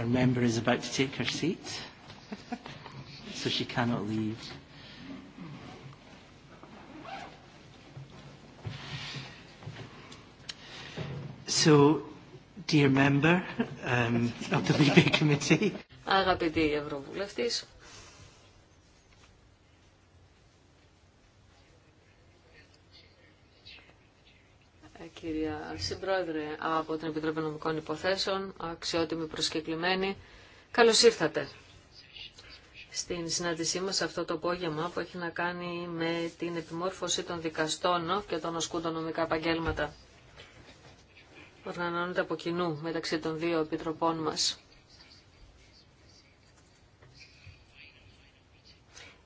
Our member is about to take her seat, so she cannot leave. So, dear member um, of the Committee. Αγαπητοί συμπρόεδρε από την Επιτροπή Νομικών Υποθέσεων, αξιότιμοι προσκεκλημένοι, καλώς ήρθατε στην συνάντησή μας αυτό το απόγευμα που έχει να κάνει με την επιμόρφωση των δικαστών και των ασκούντων νομικά επαγγέλματα. Οργανώνεται από κοινού μεταξύ των δύο επιτροπών μας.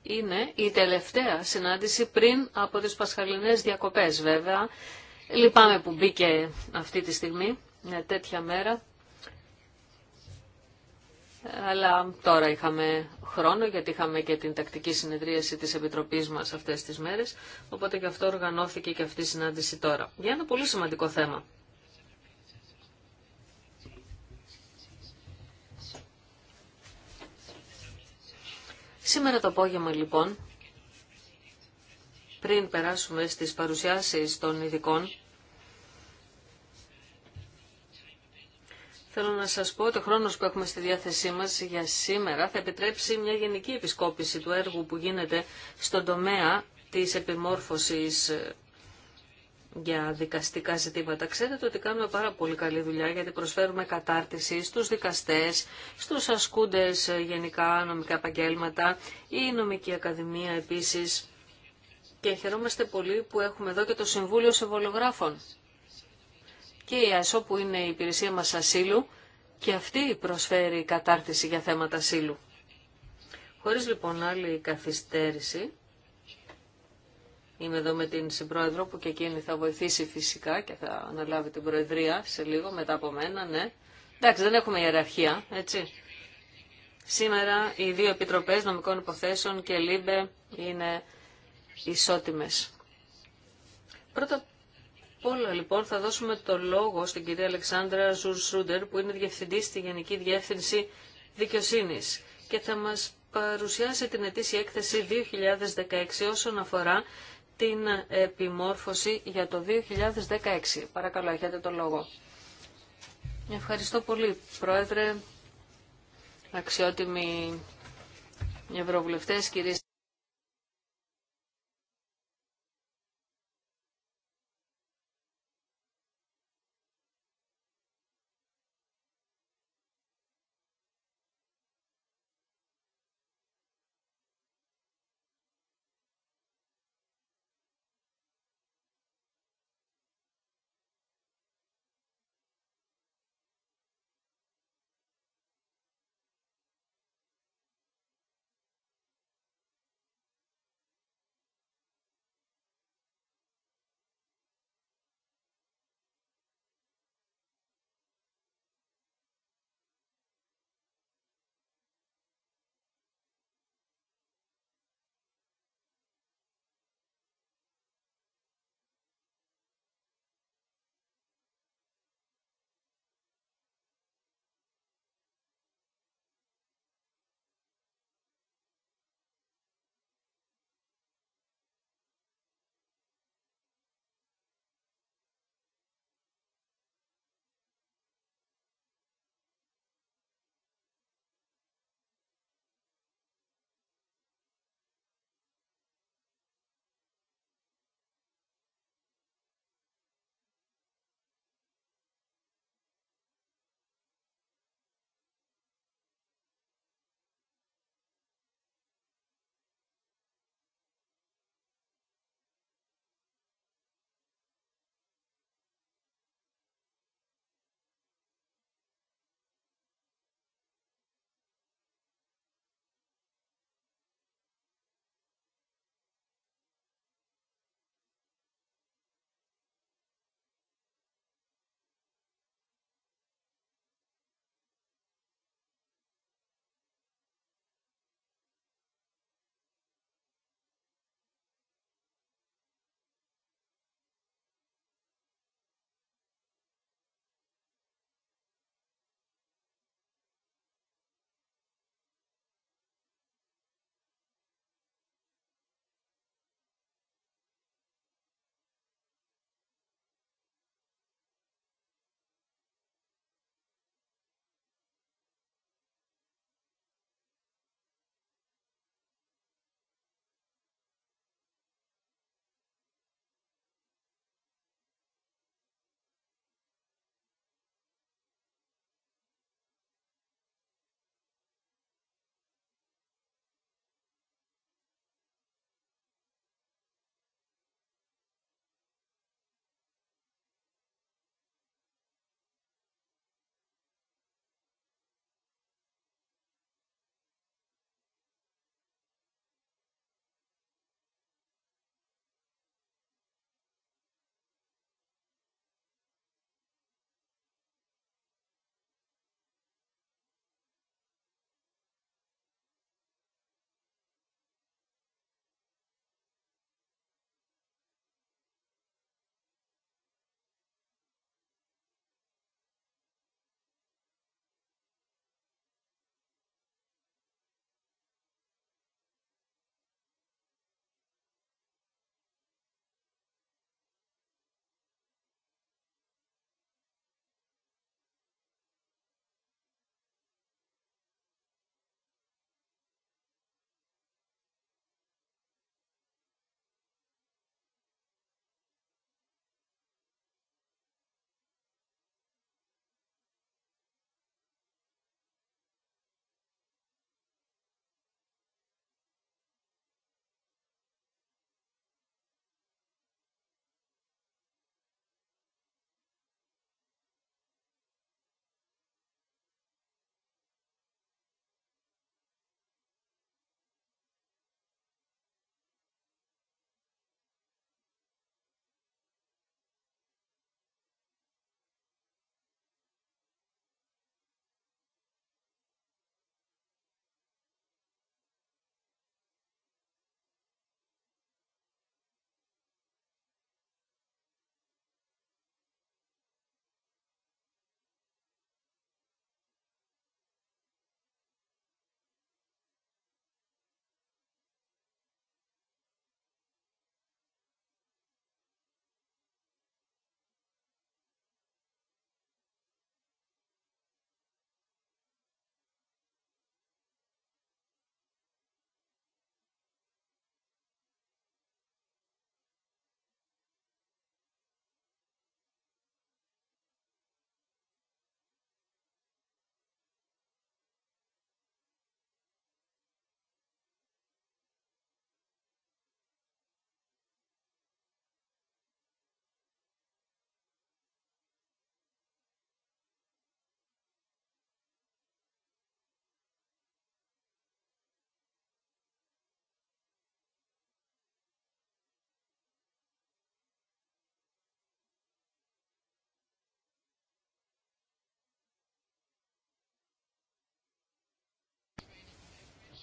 είναι η τελευταία συνάντηση πριν από τις πασχαλινές διακοπές βέβαια Λυπάμαι που μπήκε αυτή τη στιγμή, μια τέτοια μέρα. Αλλά τώρα είχαμε χρόνο, γιατί είχαμε και την τακτική συνεδρίαση της Επιτροπής μας αυτές τις μέρες, οπότε και αυτό οργανώθηκε και αυτή η συνάντηση τώρα. Για ένα πολύ σημαντικό θέμα. Σήμερα το απόγευμα λοιπόν, πριν περάσουμε στις παρουσιάσεις των ειδικών, Θέλω να σας πω ότι ο χρόνος που έχουμε στη διάθεσή μας για σήμερα θα επιτρέψει μια γενική επισκόπηση του έργου που γίνεται στον τομέα της επιμόρφωσης ε, για δικαστικά ζητήματα. Ξέρετε ότι κάνουμε πάρα πολύ καλή δουλειά γιατί προσφέρουμε κατάρτιση στους δικαστές, στους ασκούντες ε, γενικά νομικά επαγγέλματα, η νομική ακαδημία επίσης. Και χαιρόμαστε πολύ που έχουμε εδώ και το Συμβούλιο Σεβολογράφων και η ΑΣΟ που είναι η υπηρεσία μας ασύλου και αυτή προσφέρει κατάρτιση για θέματα ασύλου. Χωρίς λοιπόν άλλη καθυστέρηση, είμαι εδώ με την συμπρόεδρο που και εκείνη θα βοηθήσει φυσικά και θα αναλάβει την προεδρία σε λίγο μετά από μένα, ναι. Εντάξει, δεν έχουμε ιεραρχία, έτσι. Σήμερα οι δύο επιτροπές νομικών υποθέσεων και ΛΥΜΠΕ είναι ισότιμες. Πρώτα όλα λοιπόν θα δώσουμε το λόγο στην κυρία Αλεξάνδρα Ζουρσούντερ που είναι διευθυντή στη Γενική Διεύθυνση Δικαιοσύνη. και θα μας παρουσιάσει την ετήσια έκθεση 2016 όσον αφορά την επιμόρφωση για το 2016. Παρακαλώ, έχετε το λόγο. Ευχαριστώ πολύ, Πρόεδρε, αξιότιμοι Ευρωβουλευτές, κυρίες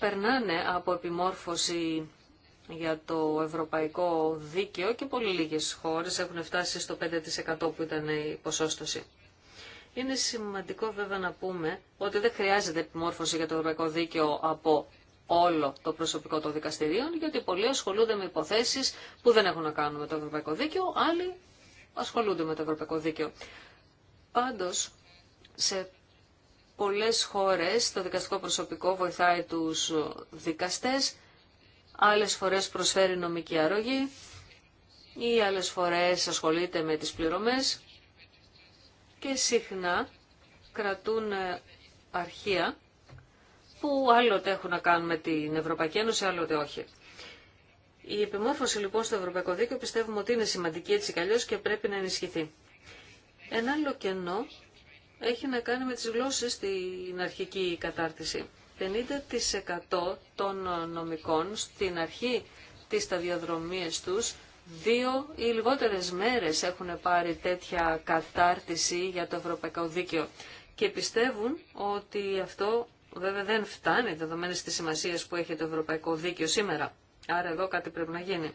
περνάνε από επιμόρφωση για το ευρωπαϊκό δίκαιο και πολύ λίγες χώρες έχουν φτάσει στο 5% που ήταν η ποσόστοση. Είναι σημαντικό βέβαια να πούμε ότι δεν χρειάζεται επιμόρφωση για το ευρωπαϊκό δίκαιο από όλο το προσωπικό των δικαστηρίων, γιατί πολλοί ασχολούνται με υποθέσεις που δεν έχουν να κάνουν με το ευρωπαϊκό δίκαιο, άλλοι ασχολούνται με το ευρωπαϊκό δίκαιο. Πάντως, σε πολλές χώρες το δικαστικό προσωπικό βοηθάει τους δικαστές, άλλες φορές προσφέρει νομική αρρωγή ή άλλες φορές ασχολείται με τις πληρωμές και συχνά κρατούν αρχεία που άλλοτε έχουν να κάνουν με την Ευρωπαϊκή Ένωση, άλλοτε όχι. Η επιμόρφωση λοιπόν στο Ευρωπαϊκό Δίκαιο πιστεύουμε ότι είναι σημαντική έτσι κι και πρέπει να ενισχυθεί. Ένα άλλο κενό έχει να κάνει με τις γλώσσες στην αρχική κατάρτιση. 50% των νομικών στην αρχή της σταδιοδρομίας τους δύο ή λιγότερες μέρες έχουν πάρει τέτοια κατάρτιση για το ευρωπαϊκό δίκαιο και πιστεύουν ότι αυτό βέβαια δεν φτάνει δεδομένες της σημασίας που έχει το ευρωπαϊκό δίκαιο σήμερα. Άρα εδώ κάτι πρέπει να γίνει.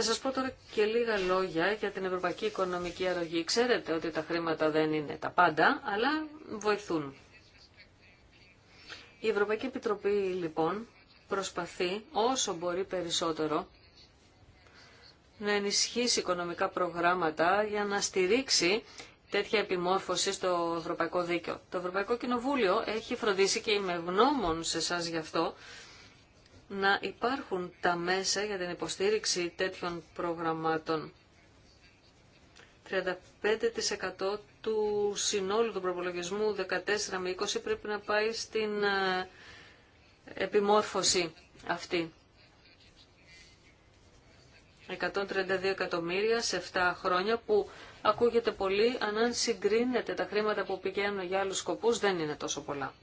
Θα σας πω τώρα και λίγα λόγια για την Ευρωπαϊκή Οικονομική Αρρωγή. Ξέρετε ότι τα χρήματα δεν είναι τα πάντα, αλλά βοηθούν. Η Ευρωπαϊκή Επιτροπή, λοιπόν, προσπαθεί όσο μπορεί περισσότερο να ενισχύσει οικονομικά προγράμματα για να στηρίξει τέτοια επιμόρφωση στο Ευρωπαϊκό Δίκαιο. Το Ευρωπαϊκό Κοινοβούλιο έχει φροντίσει και είμαι γνώμων σε εσά γι' αυτό να υπάρχουν τα μέσα για την υποστήριξη τέτοιων προγραμμάτων. 35% του συνόλου του προπολογισμού 14 με 20 πρέπει να πάει στην ε, επιμόρφωση αυτή. 132 εκατομμύρια σε 7 χρόνια που ακούγεται πολύ, αν, αν συγκρίνεται τα χρήματα που πηγαίνουν για άλλους σκοπούς δεν είναι τόσο πολλά.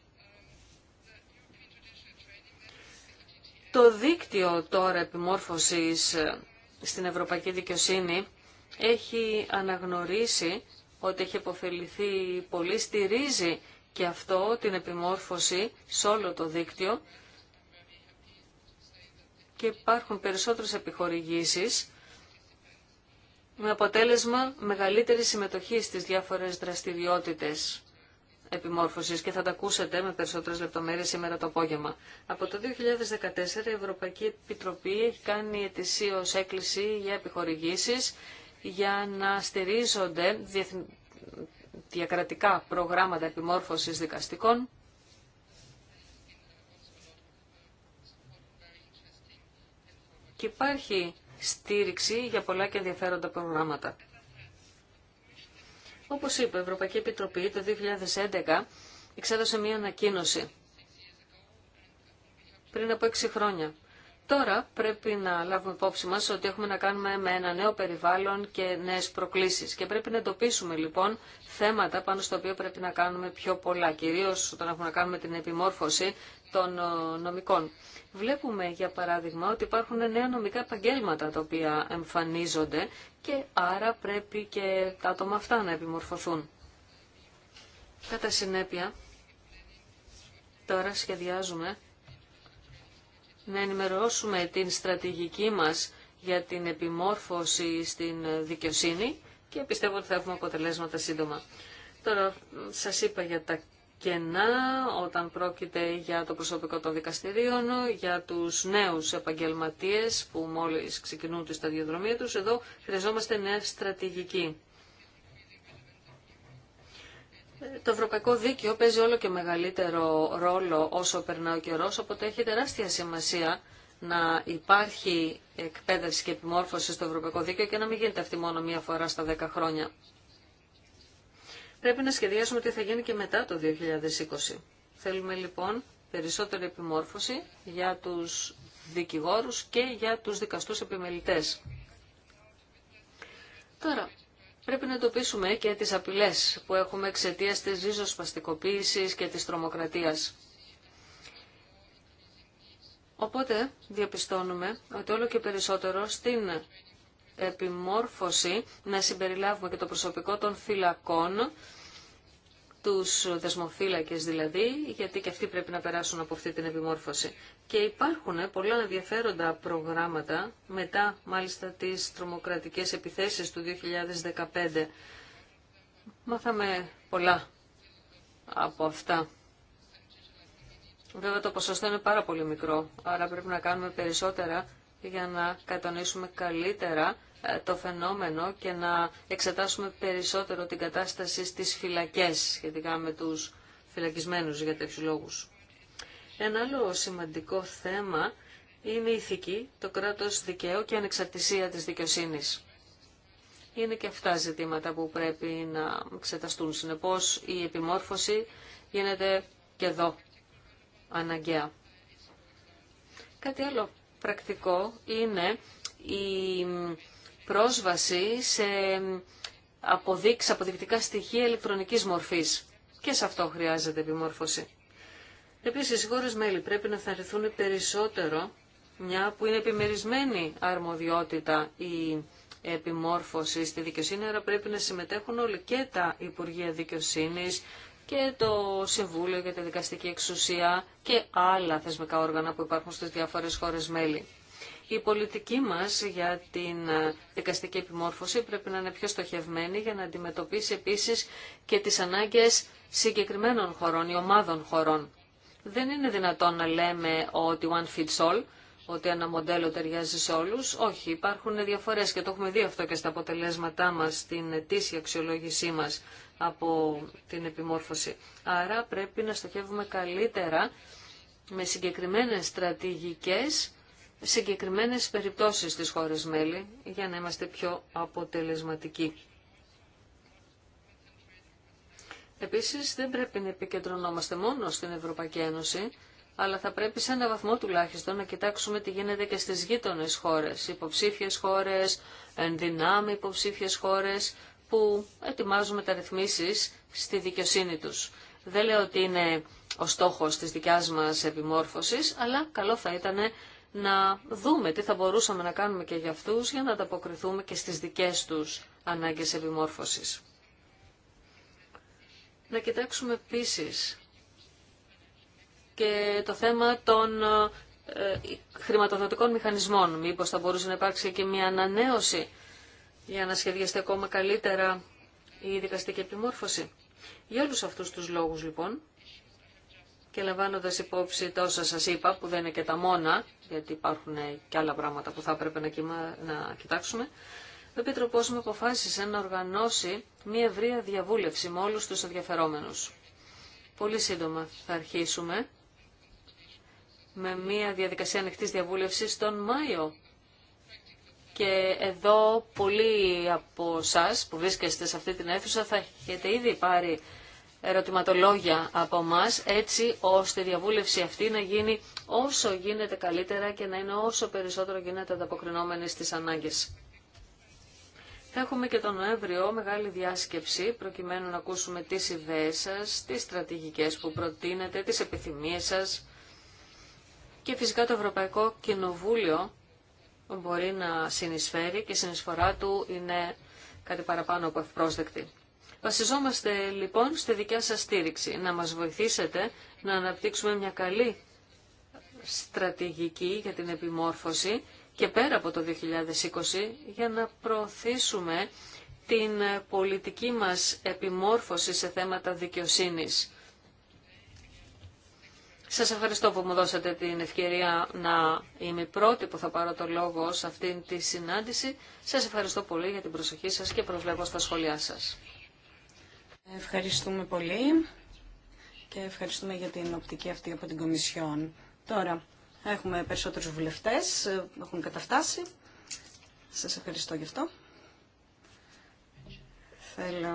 Το δίκτυο τώρα επιμόρφωσης ε, στην Ευρωπαϊκή Δικαιοσύνη έχει αναγνωρίσει ότι έχει υποφεληθεί πολύ, στηρίζει και αυτό την επιμόρφωση σε όλο το δίκτυο και υπάρχουν περισσότερες επιχορηγήσεις με αποτέλεσμα μεγαλύτερη συμμετοχή στις διάφορες δραστηριότητες επιμόρφωσης και θα τα ακούσετε με περισσότερες λεπτομέρειες σήμερα το απόγευμα. Από το 2014 η Ευρωπαϊκή Επιτροπή έχει κάνει ετησίως έκκληση για επιχορηγήσεις για να στηρίζονται διακρατικά προγράμματα επιμόρφωσης δικαστικών και υπάρχει στήριξη για πολλά και ενδιαφέροντα προγράμματα. Όπως είπε, η Ευρωπαϊκή Επιτροπή το 2011 εξέδωσε μία ανακοίνωση πριν από έξι χρόνια. Τώρα πρέπει να λάβουμε υπόψη μας ότι έχουμε να κάνουμε με ένα νέο περιβάλλον και νέες προκλήσεις και πρέπει να εντοπίσουμε λοιπόν θέματα πάνω στο οποίο πρέπει να κάνουμε πιο πολλά, κυρίως όταν έχουμε να κάνουμε την επιμόρφωση των ε, νομικών. Βλέπουμε για παράδειγμα ότι υπάρχουν νέα νομικά επαγγέλματα τα οποία εμφανίζονται και άρα πρέπει και τα άτομα αυτά να επιμορφωθούν. Κατά συνέπεια, τώρα σχεδιάζουμε να ενημερώσουμε την στρατηγική μας για την επιμόρφωση στην δικαιοσύνη και πιστεύω ότι θα έχουμε αποτελέσματα σύντομα. Τώρα, σας είπα για τα κενά όταν πρόκειται για το προσωπικό των δικαστηρίων, για τους νέους επαγγελματίες που μόλις ξεκινούν τη σταδιοδρομία τους. Εδώ χρειαζόμαστε νέα στρατηγική το ευρωπαϊκό δίκαιο παίζει όλο και μεγαλύτερο ρόλο όσο περνά ο καιρό, οπότε έχει τεράστια σημασία να υπάρχει εκπαίδευση και επιμόρφωση στο ευρωπαϊκό δίκαιο και να μην γίνεται αυτή μόνο μία φορά στα δέκα χρόνια. Πρέπει να σχεδιάσουμε τι θα γίνει και μετά το 2020. Θέλουμε λοιπόν περισσότερη επιμόρφωση για τους δικηγόρους και για τους δικαστούς επιμελητές. Τώρα, Πρέπει να εντοπίσουμε και τις απειλές που έχουμε εξαιτία της ριζοσπαστικοποίησης και της τρομοκρατίας. Οπότε διαπιστώνουμε ότι όλο και περισσότερο στην επιμόρφωση να συμπεριλάβουμε και το προσωπικό των φυλακών τους δεσμοφύλακες δηλαδή, γιατί και αυτοί πρέπει να περάσουν από αυτή την επιμόρφωση. Και υπάρχουν πολλά ενδιαφέροντα προγράμματα, μετά μάλιστα τις τρομοκρατικές επιθέσεις του 2015. Μάθαμε πολλά από αυτά. Βέβαια το ποσοστό είναι πάρα πολύ μικρό, άρα πρέπει να κάνουμε περισσότερα για να κατανοήσουμε καλύτερα το φαινόμενο και να εξετάσουμε περισσότερο την κατάσταση στις φυλακές σχετικά με τους φυλακισμένους για τέτοιου λόγους. Ένα άλλο σημαντικό θέμα είναι η ηθική, το κράτος δικαίου και ανεξαρτησία της δικαιοσύνης. Είναι και αυτά ζητήματα που πρέπει να εξεταστούν. Συνεπώς η επιμόρφωση γίνεται και εδώ αναγκαία. Κάτι άλλο πρακτικό είναι η πρόσβαση σε αποδεικτικά στοιχεία ηλεκτρονικής μορφής. Και σε αυτό χρειάζεται επιμόρφωση. Επίσης, οι χώρες μέλη πρέπει να θεωρηθούν περισσότερο, μια που είναι επιμερισμένη αρμοδιότητα η επιμόρφωση στη δικαιοσύνη, άρα πρέπει να συμμετέχουν όλοι και τα Υπουργεία Δικαιοσύνης και το Συμβούλιο για τη Δικαστική Εξουσία και άλλα θεσμικά όργανα που υπάρχουν στις διάφορες χώρες μέλη. Η πολιτική μας για την ε, δικαστική επιμόρφωση πρέπει να είναι πιο στοχευμένη για να αντιμετωπίσει επίσης και τις ανάγκες συγκεκριμένων χωρών ή ομάδων χωρών. Δεν είναι δυνατόν να λέμε ότι one fits all, ότι ένα μοντέλο ταιριάζει σε όλους. Όχι, υπάρχουν διαφορές και το έχουμε δει αυτό και στα αποτελέσματά μας στην ετήσια αξιολόγησή μας από την επιμόρφωση. Άρα πρέπει να στοχεύουμε καλύτερα με συγκεκριμένες στρατηγικές συγκεκριμένες περιπτώσεις στις χώρες μέλη για να είμαστε πιο αποτελεσματικοί. Επίσης δεν πρέπει να επικεντρωνόμαστε μόνο στην Ευρωπαϊκή Ένωση, αλλά θα πρέπει σε ένα βαθμό τουλάχιστον να κοιτάξουμε τι γίνεται και στις γείτονες χώρες, υποψήφιες χώρες, ενδυνάμει υποψήφιες χώρες που ετοιμάζουν μεταρρυθμίσεις στη δικαιοσύνη τους. Δεν λέω ότι είναι ο στόχος της δικιάς μας επιμόρφωσης, αλλά καλό θα ήταν να δούμε τι θα μπορούσαμε να κάνουμε και για αυτούς για να ανταποκριθούμε και στις δικές τους ανάγκες επιμόρφωσης. Να κοιτάξουμε επίσης και το θέμα των ε, χρηματοδοτικών μηχανισμών. Μήπως θα μπορούσε να υπάρξει και μια ανανέωση για να σχεδιαστεί ακόμα καλύτερα η δικαστική επιμόρφωση. Για όλους αυτούς τους λόγους λοιπόν, και λαμβάνοντα υπόψη τόσα σας είπα, που δεν είναι και τα μόνα, γιατί υπάρχουν και άλλα πράγματα που θα έπρεπε να, κοιμα... να κοιτάξουμε, ο Επίτροπό μου αποφάσισε να οργανώσει μια ευρεία διαβούλευση με όλου του ενδιαφερόμενου. Πολύ σύντομα θα αρχίσουμε με μια διαδικασία ανοιχτή διαβούλευσης τον Μάιο. Και εδώ πολλοί από εσά που βρίσκεστε σε αυτή την αίθουσα θα έχετε ήδη πάρει ερωτηματολόγια από εμά, έτσι ώστε η διαβούλευση αυτή να γίνει όσο γίνεται καλύτερα και να είναι όσο περισσότερο γίνεται ανταποκρινόμενη στις ανάγκες. Θα έχουμε και τον Νοέμβριο μεγάλη διάσκεψη προκειμένου να ακούσουμε τις ιδέες σας, τις στρατηγικές που προτείνετε, τις επιθυμίες σας και φυσικά το Ευρωπαϊκό Κοινοβούλιο μπορεί να συνεισφέρει και η συνεισφορά του είναι κάτι παραπάνω από ευπρόσδεκτη. Βασιζόμαστε λοιπόν στη δικιά σας στήριξη, να μας βοηθήσετε να αναπτύξουμε μια καλή στρατηγική για την επιμόρφωση και πέρα από το 2020 για να προωθήσουμε την πολιτική μας επιμόρφωση σε θέματα δικαιοσύνης. Σας ευχαριστώ που μου δώσατε την ευκαιρία να είμαι η πρώτη που θα πάρω το λόγο σε αυτήν τη συνάντηση. Σας ευχαριστώ πολύ για την προσοχή σας και προβλέπω στα σχόλιά σας. Ευχαριστούμε πολύ και ευχαριστούμε για την οπτική αυτή από την Κομισιόν. Τώρα έχουμε περισσότερους βουλευτές που έχουν καταφτάσει. Σας ευχαριστώ γι' αυτό. Θέλω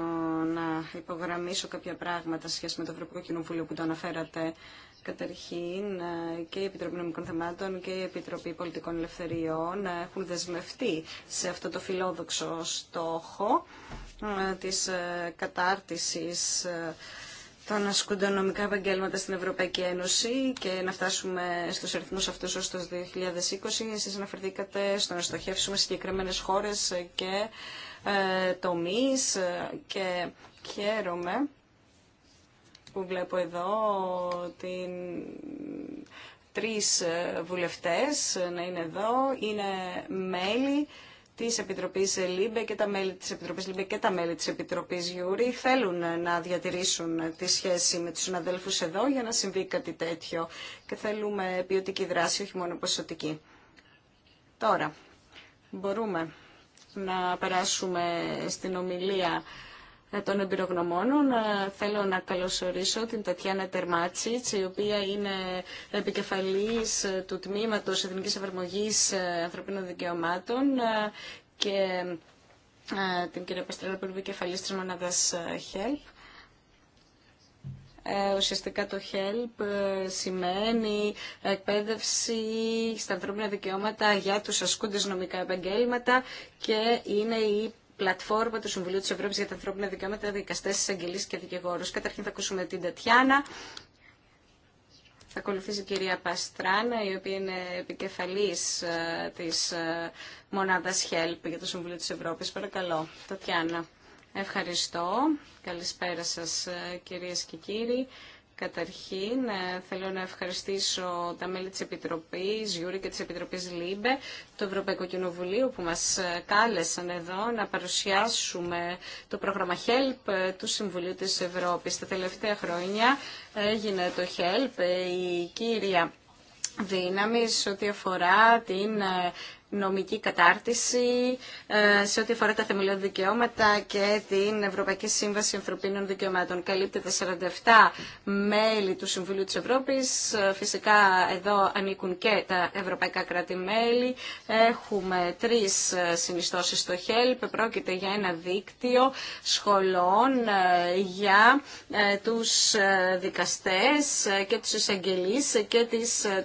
να υπογραμμίσω κάποια πράγματα σχέση με το Ευρωπαϊκό Κοινοβούλιο που το αναφέρατε. Καταρχήν και η Επιτροπή Νομικών Θεμάτων και η Επιτροπή Πολιτικών Ελευθεριών έχουν δεσμευτεί σε αυτό το φιλόδοξο στόχο ε, της ε, κατάρτισης ε, των ασκούντων νομικά επαγγέλματα στην Ευρωπαϊκή Ένωση και να φτάσουμε στους αριθμούς αυτούς ως το 2020. Εσείς αναφερθήκατε στο να στοχεύσουμε συγκεκριμένες χώρες και ε, τομείς ε, και χαίρομαι που βλέπω εδώ την τρεις ε, βουλευτές να είναι εδώ, είναι μέλη της Επιτροπής Λίμπε και τα μέλη της Επιτροπής Λίμπε και τα μέλη της Επιτροπής Γιούρι θέλουν να διατηρήσουν τη σχέση με τους συναδέλφους εδώ για να συμβεί κάτι τέτοιο και θέλουμε ποιοτική δράση, όχι μόνο ποσοτική. Τώρα, μπορούμε να περάσουμε στην ομιλία των εμπειρογνωμόνων. Θέλω να καλωσορίσω την Τατιάνα Τερμάτσιτς, η οποία είναι επικεφαλής του Τμήματος Εθνικής Εφαρμογής Ανθρωπίνων Δικαιωμάτων και ε, την κυρία Παστρέλα που είναι επικεφαλής της Μονάδας HELP. Ε, ουσιαστικά το HELP ε, σημαίνει εκπαίδευση στα ανθρώπινα δικαιώματα για τους ασκούντες νομικά επαγγέλματα και είναι η πλατφόρμα του Συμβουλίου της Ευρώπης για τα ανθρώπινα δικαιώματα, δικαστές, εισαγγελείς και δικηγόρους. Καταρχήν θα ακούσουμε την Τατιάνα. Θα ακολουθήσει η κυρία Παστράνα, η οποία είναι επικεφαλής ε, της μονάδας HELP για το Συμβουλίο της Ευρώπης. Παρακαλώ, Τατιάνα. Ευχαριστώ. Καλησπέρα σας ε, κυρίες και κύριοι. Καταρχήν ε, θέλω να ευχαριστήσω τα μέλη της Επιτροπής Γιούρη και της Επιτροπής Λίμπε, το Ευρωπαϊκό Κοινοβουλίο που μας ε, κάλεσαν εδώ να παρουσιάσουμε το πρόγραμμα HELP του Συμβουλίου της Ευρώπης. Τα τελευταία χρόνια έγινε το HELP η κύρια δύναμη σε ό,τι αφορά την νομική κατάρτιση ε, σε ό,τι αφορά τα θεμελιώδη δικαιώματα και την Ευρωπαϊκή Σύμβαση Ανθρωπίνων Δικαιωμάτων. Καλύπτεται 47 μέλη του Συμβουλίου της Ευρώπης. Ε, φυσικά εδώ ανήκουν και τα ευρωπαϊκά κράτη-μέλη. Έχουμε τρεις ε, συνιστώσεις στο HELP. Πρόκειται για ένα δίκτυο σχολών για τους δικαστές και τους εισαγγελείς και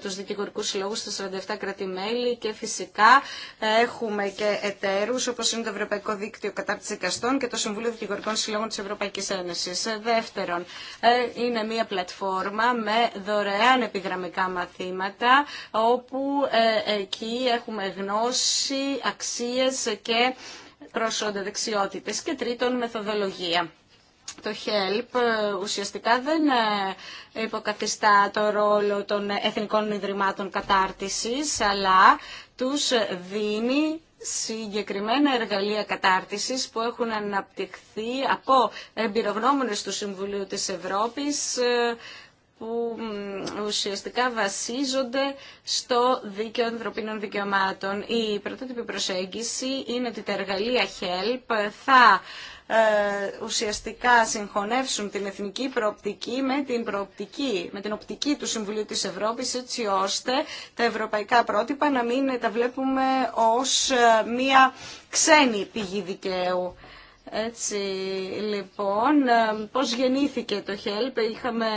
τους δικηγορικούς συλλόγους στα 47 κράτη-μέλη και φυσικά ε, έχουμε και εταίρου όπως είναι το Ευρωπαϊκό Δίκτυο Κατάρτιση Δικαστών και το Συμβούλιο Δικηγορικών Συλλόγων της Ευρωπαϊκής Ένωσης. Ε, δεύτερον, ε, είναι μια πλατφόρμα με δωρεάν επιγραμμικά μαθήματα όπου εκεί έχουμε γνώση, αξίες και προσόντα δεξιότητε και τρίτον μεθοδολογία. Το HELP ουσιαστικά δεν υποκαθιστά το ρόλο των Εθνικών Ιδρυμάτων Κατάρτισης, αλλά τους δίνει συγκεκριμένα εργαλεία κατάρτισης που έχουν αναπτυχθεί από εμπειρογνώμονες του Συμβουλίου της Ευρώπης ε, που ουσιαστικά βασίζονται στο δίκαιο ανθρωπίνων δικαιωμάτων. Η πρωτότυπη προσέγγιση είναι ότι τα εργαλεία HELP θα ε, ουσιαστικά συγχωνεύσουν την εθνική προοπτική με την προοπτική, με την οπτική του Συμβουλίου της Ευρώπης έτσι ώστε τα ευρωπαϊκά πρότυπα να μην τα βλέπουμε ως ε, μία ξένη πηγή δικαίου. Έτσι λοιπόν, ε, πώς γεννήθηκε το χέλπ; είχαμε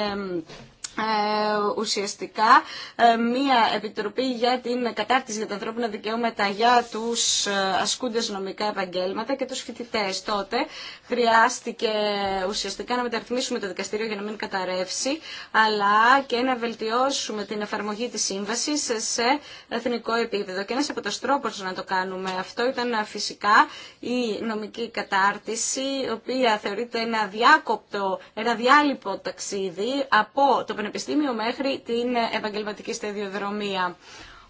ε, ουσιαστικά ε, μία επιτροπή για την κατάρτιση για τα ανθρώπινα δικαιώματα για τους ε, ασκούντες νομικά επαγγέλματα και τους φοιτητέ. Τότε χρειάστηκε ουσιαστικά να μεταρρυθμίσουμε το δικαστήριο για να μην καταρρεύσει, αλλά και να βελτιώσουμε την εφαρμογή της σύμβασης σε εθνικό επίπεδο. Και ένας από τους τρόπους να το κάνουμε αυτό ήταν φυσικά η νομική κατάρτιση, η οποία θεωρείται ένα διάκοπτο, ένα διάλειπο ταξίδι από το πανεπιστήμιο μέχρι την επαγγελματική στεδιοδρομία.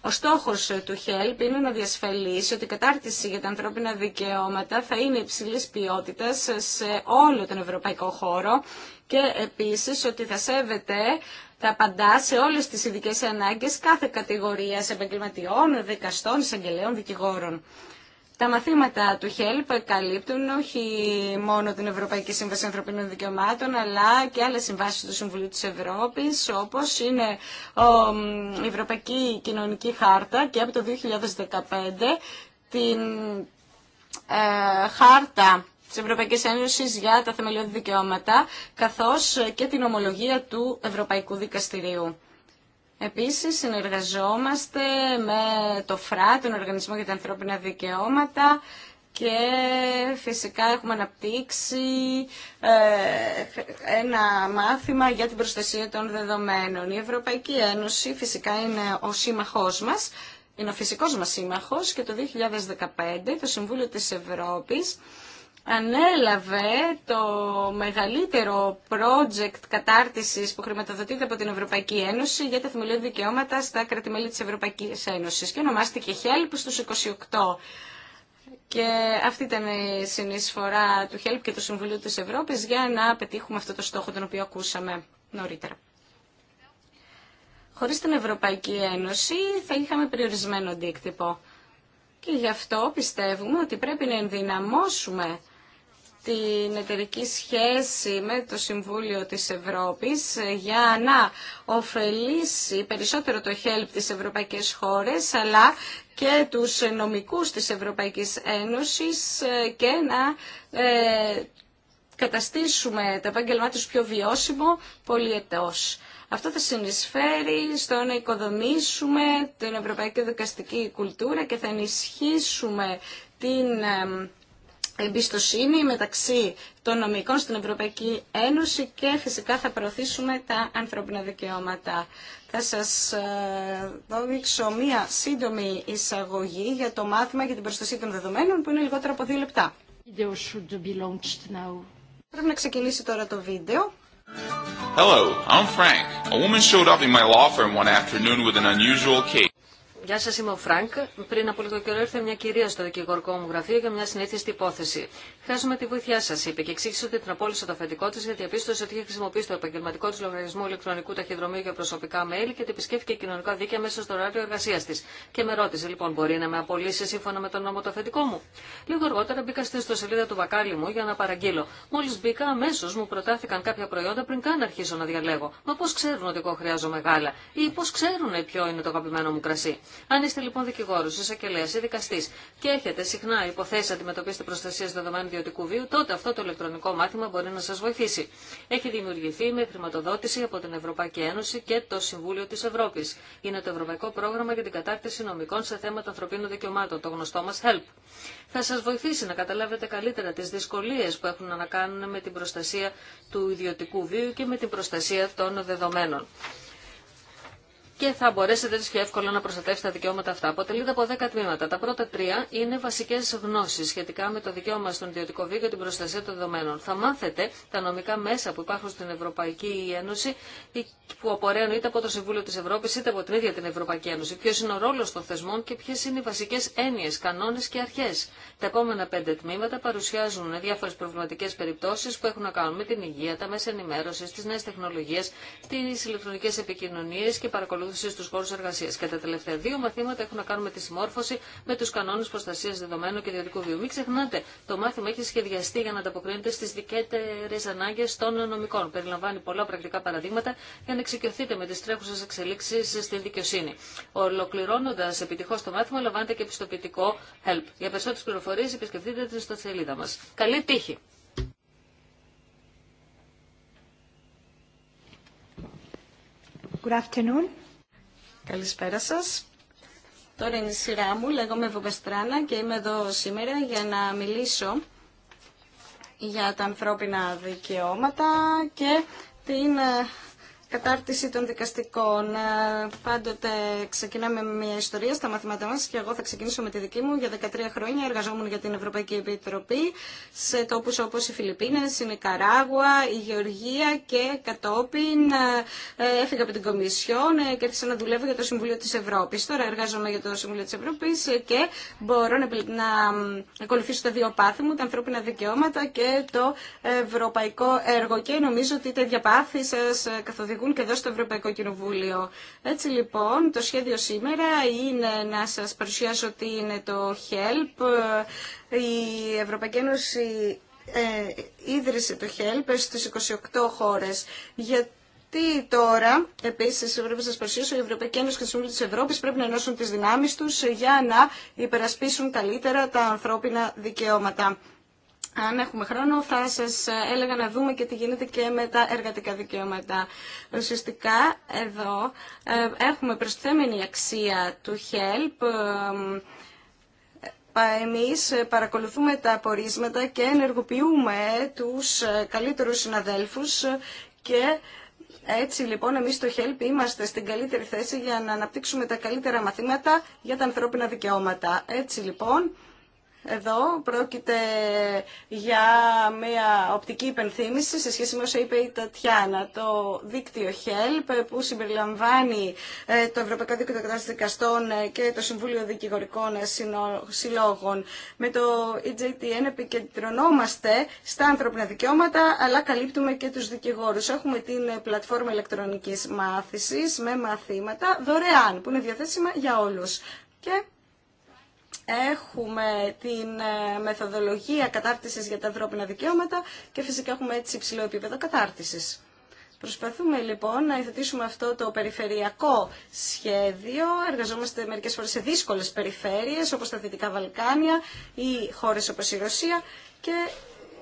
Ο στόχο του HELP είναι να διασφαλίσει ότι η κατάρτιση για τα ανθρώπινα δικαιώματα θα είναι υψηλή ποιότητα σε όλο τον ευρωπαϊκό χώρο και επίση ότι θα σέβεται θα απαντά σε όλε τι ειδικέ ανάγκε κάθε κατηγορία επαγγελματιών, δικαστών, εισαγγελέων, δικηγόρων. Τα μαθήματα του HELP καλύπτουν όχι μόνο την Ευρωπαϊκή Σύμβαση Ανθρωπίνων Δικαιωμάτων, αλλά και άλλες συμβάσεις του Συμβουλίου της Ευρώπης, όπως είναι η Ευρωπαϊκή Κοινωνική Χάρτα και από το 2015 την ε, χάρτα της Ευρωπαϊκής Ένωσης για τα θεμελιώδη δικαιώματα, καθώς και την ομολογία του Ευρωπαϊκού Δικαστηρίου. Επίσης συνεργαζόμαστε με το ΦΡΑ, τον Οργανισμό για τα Ανθρώπινα Δικαιώματα και φυσικά έχουμε αναπτύξει ε, ένα μάθημα για την προστασία των δεδομένων. Η Ευρωπαϊκή Ένωση φυσικά είναι ο σύμμαχός μας, είναι ο φυσικός μας σύμμαχος και το 2015 το Συμβούλιο της Ευρώπης ανέλαβε το μεγαλύτερο project κατάρτισης που χρηματοδοτείται από την Ευρωπαϊκή Ένωση για τα θεμελιώδη δικαιώματα στα κράτη-μέλη της Ευρωπαϊκής Ένωσης και ονομάστηκε HELP στους 28. Και αυτή ήταν η συνεισφορά του HELP και του Συμβουλίου της Ευρώπης για να πετύχουμε αυτό το στόχο τον οποίο ακούσαμε νωρίτερα. Χωρίς την Ευρωπαϊκή Ένωση θα είχαμε περιορισμένο αντίκτυπο. Και γι' αυτό πιστεύουμε ότι πρέπει να ενδυναμώσουμε την εταιρική σχέση με το Συμβούλιο της Ευρώπης για να ωφελήσει περισσότερο το help της ευρωπαϊκές χώρες αλλά και τους νομικούς της Ευρωπαϊκής Ένωσης και να ε, καταστήσουμε το επάγγελμά τους πιο βιώσιμο πολυετός. Αυτό θα συνεισφέρει στο να οικοδομήσουμε την ευρωπαϊκή δικαστική κουλτούρα και θα ενισχύσουμε την ε, εμπιστοσύνη μεταξύ των νομικών στην Ευρωπαϊκή Ένωση και φυσικά θα προωθήσουμε τα ανθρώπινα δικαιώματα. Θα σας ε, δώσω μία σύντομη εισαγωγή για το μάθημα για την προστασία των δεδομένων που είναι λιγότερο από δύο λεπτά. Πρέπει να ξεκινήσει τώρα το βίντεο. Hello, I'm Frank. A woman showed up in my law firm one afternoon with an unusual case. Γεια σα, είμαι ο Φρανκ. Πριν από λίγο καιρό ήρθε μια κυρία στο δικηγορικό μου γραφείο για μια συνήθιστη υπόθεση. Χρειάζομαι τη βοήθειά σα, είπε και εξήγησε ότι την απόλυσε το αφεντικό τη γιατί απίστωσε ότι είχε χρησιμοποιήσει το επαγγελματικό τη λογαριασμό ηλεκτρονικού ταχυδρομείου για προσωπικά mail και ότι επισκέφθηκε κοινωνικά δίκαια μέσα στο ωράριο εργασία τη. Και με ρώτησε, λοιπόν, μπορεί να με απολύσει σύμφωνα με τον νόμο το αφεντικό μου. Λίγο αργότερα μπήκα στη ιστοσελίδα του βακάλι μου για να παραγγείλω. Μόλι μπήκα, αμέσω μου προτάθηκαν κάποια προϊόντα πριν καν αρχίσω να διαλέγω. Μα πώ ξέρουν ότι εγώ χρειάζομαι γάλα ή πώ ξέρουν ποιο είναι το αγαπημένο μου κρασί. Αν είστε λοιπόν δικηγόρο, εισαγγελέα ή δικαστή και έχετε συχνά υποθέσει αντιμετωπίσετε προστασία δεδομένου ιδιωτικού βίου, τότε αυτό το ηλεκτρονικό μάθημα μπορεί να σα βοηθήσει. Έχει δημιουργηθεί με χρηματοδότηση από την Ευρωπαϊκή Ένωση και το Συμβούλιο τη Ευρώπη. Είναι το Ευρωπαϊκό Πρόγραμμα για την Κατάρτιση Νομικών σε θέματα ανθρωπίνων δικαιωμάτων, το γνωστό μα HELP. Θα σα βοηθήσει να καταλάβετε καλύτερα τι δυσκολίε που έχουν να κάνουν με την προστασία του ιδιωτικού βίου και με την προστασία των δεδομένων και θα μπορέσετε έτσι πιο εύκολα να προστατεύσετε τα δικαιώματα αυτά. Αποτελείται από 10 τμήματα. Τα πρώτα τρία είναι βασικέ γνώσει σχετικά με το δικαίωμα στον ιδιωτικό βίο και την προστασία των δεδομένων. Θα μάθετε τα νομικά μέσα που υπάρχουν στην Ευρωπαϊκή Ένωση που απορρέουν είτε από το Συμβούλιο τη Ευρώπη είτε από την ίδια την Ευρωπαϊκή Ένωση. Ποιο είναι ο ρόλο των θεσμών και ποιε είναι οι βασικέ έννοιε, κανόνε και αρχέ. Τα επόμενα πέντε τμήματα παρουσιάζουν διάφορε προβληματικέ περιπτώσει που έχουν να κάνουν με την υγεία, τα μέσα ενημέρωση, τι νέε τεχνολογίε, τι ηλεκτρονικέ επικοινωνίε και παρακολουθούν παρακολούθηση στου χώρου εργασία. Και τα τελευταία δύο μαθήματα έχουν να κάνουν με τη συμμόρφωση με του κανόνε προστασία δεδομένων και ιδιωτικού βίου. Μην ξεχνάτε, το μάθημα έχει σχεδιαστεί για να ανταποκρίνεται στι δικέτερε ανάγκε των νομικών. Περιλαμβάνει πολλά πρακτικά παραδείγματα για να εξοικειωθείτε με τι τρέχουσε εξελίξει στην δικαιοσύνη. Ολοκληρώνοντα επιτυχώ το μάθημα, λαμβάνετε και επιστοποιητικό help. Για περισσότερε πληροφορίε επισκεφτείτε την ιστοσελίδα μα. Καλή τύχη! Good afternoon. Καλησπέρα σας. Τώρα είναι η σειρά μου. Λέγομαι Βουκαστράνα και είμαι εδώ σήμερα για να μιλήσω για τα ανθρώπινα δικαιώματα και την ε, κατάρτιση των δικαστικών. Ε, πάντοτε ξεκινάμε με μια ιστορία στα μαθήματά μας και εγώ θα ξεκινήσω με τη δική μου. Για 13 χρόνια εργαζόμουν για την Ευρωπαϊκή Επιτροπή σε τόπους όπως οι Φιλιππίνες, η Νικαράγουα, η Γεωργία και κατόπιν ε, ε, έφυγα από την Κομισιόν και έρχισα να δουλεύω για το Συμβουλίο της Ευρώπης. Τώρα εργάζομαι για το Συμβουλίο της Ευρώπης και μπορώ να, ακολουθήσω τα δύο πάθη μου, τα ανθρώπινα δικαιώματα και το ευρωπαϊκό έργο. Και νομίζω ότι τα ίδια πάθη σας καθοδηγούν και εδώ στο Ευρωπαϊκό Κοινοβούλιο. Έτσι λοιπόν, το σχέδιο σήμερα είναι να σας παρουσιάσω τι είναι το HELP. Η Ευρωπαϊκή Ένωση ε, ίδρυσε το HELP στις 28 χώρες. Γιατί τώρα, επίση, πρέπει να σα παρουσιάσω, η Ευρωπαϊκή Ένωση και το Συμβούλιο τη Ευρώπη πρέπει να ενώσουν τι δυνάμει του για να υπερασπίσουν καλύτερα τα ανθρώπινα δικαιώματα αν έχουμε χρόνο, θα σα ε, έλεγα να δούμε και τι γίνεται και με τα εργατικά δικαιώματα. Ουσιαστικά, εδώ ε, έχουμε προσθέμενη αξία του HELP. Ε, εμείς παρακολουθούμε τα απορίσματα και ενεργοποιούμε τους καλύτερους συναδέλφους και έτσι λοιπόν εμείς στο HELP είμαστε στην καλύτερη θέση για να αναπτύξουμε τα καλύτερα μαθήματα για τα ανθρώπινα δικαιώματα. Έτσι λοιπόν... Εδώ πρόκειται για μια οπτική υπενθύμηση σε σχέση με όσα είπε η Τατιάνα. Το δίκτυο HELP που συμπεριλαμβάνει ε, το Ευρωπαϊκό Δίκτυο Κατάστασης Δικαστών ε, και το Συμβούλιο Δικηγορικών ε, Συλλόγων. Με το EJTN επικεντρωνόμαστε στα ανθρώπινα δικαιώματα αλλά καλύπτουμε και τους δικηγόρους. Έχουμε την πλατφόρμα ηλεκτρονικής μάθησης με μαθήματα δωρεάν που είναι διαθέσιμα για όλους. Και έχουμε την ε, μεθοδολογία κατάρτισης για τα ανθρώπινα δικαιώματα και φυσικά έχουμε έτσι υψηλό επίπεδο κατάρτισης. Προσπαθούμε λοιπόν να υιοθετήσουμε αυτό το περιφερειακό σχέδιο. Εργαζόμαστε μερικές φορές σε δύσκολες περιφέρειες όπως τα Δυτικά Βαλκάνια ή χώρες όπως η Ρωσία και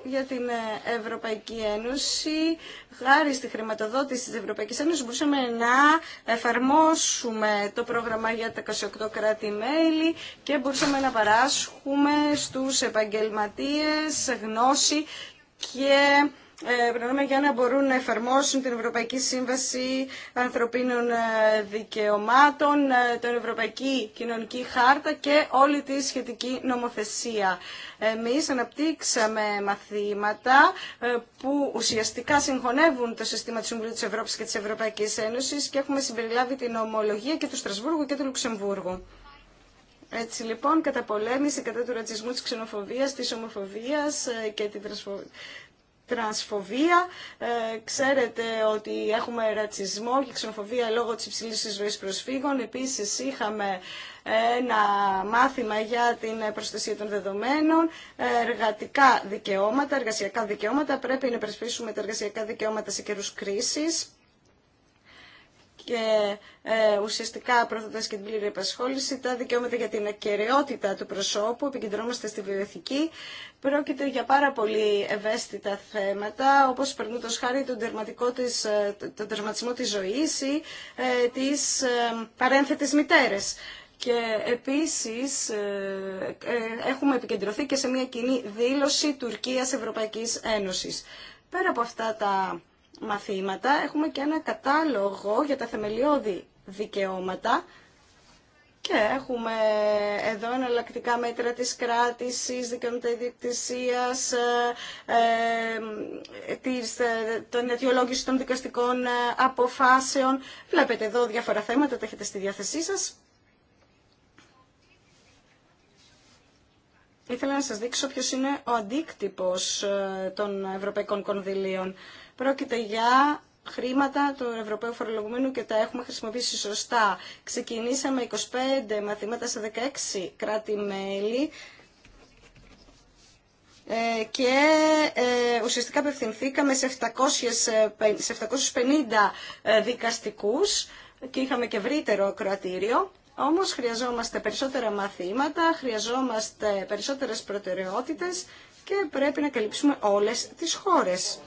για την ε, Ευρωπαϊκή Ένωση. Χάρη στη χρηματοδότηση της Ευρωπαϊκής Ένωσης μπορούσαμε να εφαρμόσουμε το πρόγραμμα για τα 28 κράτη-μέλη και μπορούσαμε να παράσχουμε στους επαγγελματίες γνώση και ε, για να μπορούν να εφαρμόσουν την Ευρωπαϊκή Σύμβαση Ανθρωπίνων ε, Δικαιωμάτων, ε, την Ευρωπαϊκή Κοινωνική Χάρτα και όλη τη σχετική νομοθεσία. Εμείς αναπτύξαμε μαθήματα που ουσιαστικά συγχωνεύουν το σύστημα της Συμβουλίου της Ευρώπης και της Ευρωπαϊκής Ένωσης και έχουμε συμπεριλάβει την ομολογία και του Στρασβούργου και του Λουξεμβούργου. Έτσι λοιπόν, κατά πολέμηση, κατά του ρατσισμού, της ξενοφοβίας, της ομοφοβίας και την τρανσφοβία. Ε, ξέρετε ότι έχουμε ρατσισμό και ξενοφοβία λόγω της υψηλής ζωής προσφύγων. Επίσης είχαμε ε, ένα μάθημα για την προστασία των δεδομένων, ε, εργατικά δικαιώματα, εργασιακά δικαιώματα. Πρέπει να υπερασπίσουμε τα εργασιακά δικαιώματα σε καιρούς κρίσης και ε, ουσιαστικά πρόθετας και την πλήρη επασχόληση, τα δικαιώματα για την ακαιρεότητα του προσώπου, επικεντρώμαστε στη βιοεθική. Πρόκειται για πάρα πολύ ευαίσθητα θέματα, όπως το χάρη τον, τερματικό της, ε, τερματισμό της ζωής ή ε, της ε, μητέρες. Και επίσης ε, έχουμε επικεντρωθεί και σε μια κοινή δήλωση Τουρκίας-Ευρωπαϊκής Ένωσης. Πέρα από αυτά τα μαθήματα έχουμε και ένα κατάλογο για τα θεμελιώδη δικαιώματα και έχουμε εδώ εναλλακτικά μέτρα της κράτησης, δικαιώματα ιδιοκτησίας, ε, ε, ε των αιτιολόγηση των δικαστικών ε, αποφάσεων. Βλέπετε εδώ διάφορα θέματα, τα έχετε στη διάθεσή σας. ήθελα να σας δείξω ποιος είναι ο αντίκτυπος ε, των ευρωπαϊκών κονδυλίων. Πρόκειται για χρήματα του Ευρωπαίου Φορολογουμένου και τα έχουμε χρησιμοποιήσει σωστά. Ξεκινήσαμε 25 μαθήματα σε 16 κράτη-μέλη ε, και ε, ουσιαστικά απευθυνθήκαμε σε 750 δικαστικούς και είχαμε και ευρύτερο κρατήριο. Όμως χρειαζόμαστε περισσότερα μαθήματα, χρειαζόμαστε περισσότερες προτεραιότητες και πρέπει να καλύψουμε όλες τις χώρες.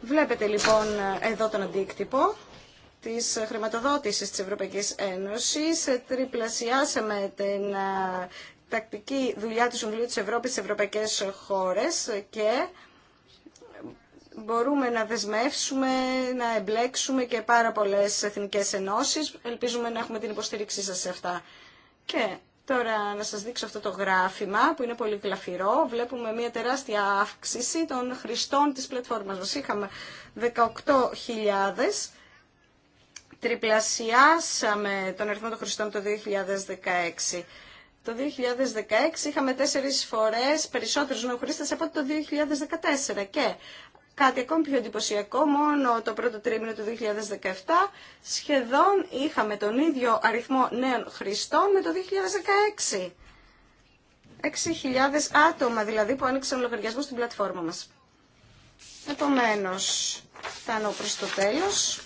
Βλέπετε λοιπόν εδώ τον αντίκτυπο της χρηματοδότησης της Ευρωπαϊκής Ένωσης. Τριπλασιάσαμε την ε, τακτική δουλειά του Συμβουλίου της Ευρώπης στις ευρωπαϊκές χώρες και μπορούμε να δεσμεύσουμε, να εμπλέξουμε και πάρα πολλές εθνικές ενώσεις. Ελπίζουμε να έχουμε την υποστήριξή σας σε αυτά. Και τώρα να σας δείξω αυτό το γράφημα που είναι πολύ γλαφυρό. Βλέπουμε μια τεράστια αύξηση των χρηστών της πλατφόρμας μας. Είχαμε 18.000 τριπλασιάσαμε τον αριθμό των χρηστών το 2016. Το 2016 είχαμε τέσσερις φορές περισσότερους χρήστες από το 2014 και Κάτι ακόμη πιο εντυπωσιακό, μόνο το πρώτο τρίμηνο του 2017 σχεδόν είχαμε τον ίδιο αριθμό νέων χρηστών με το 2016. 6.000 άτομα δηλαδή που άνοιξαν λογαριασμό στην πλατφόρμα μας. Επομένως, φτάνω προς το τέλος.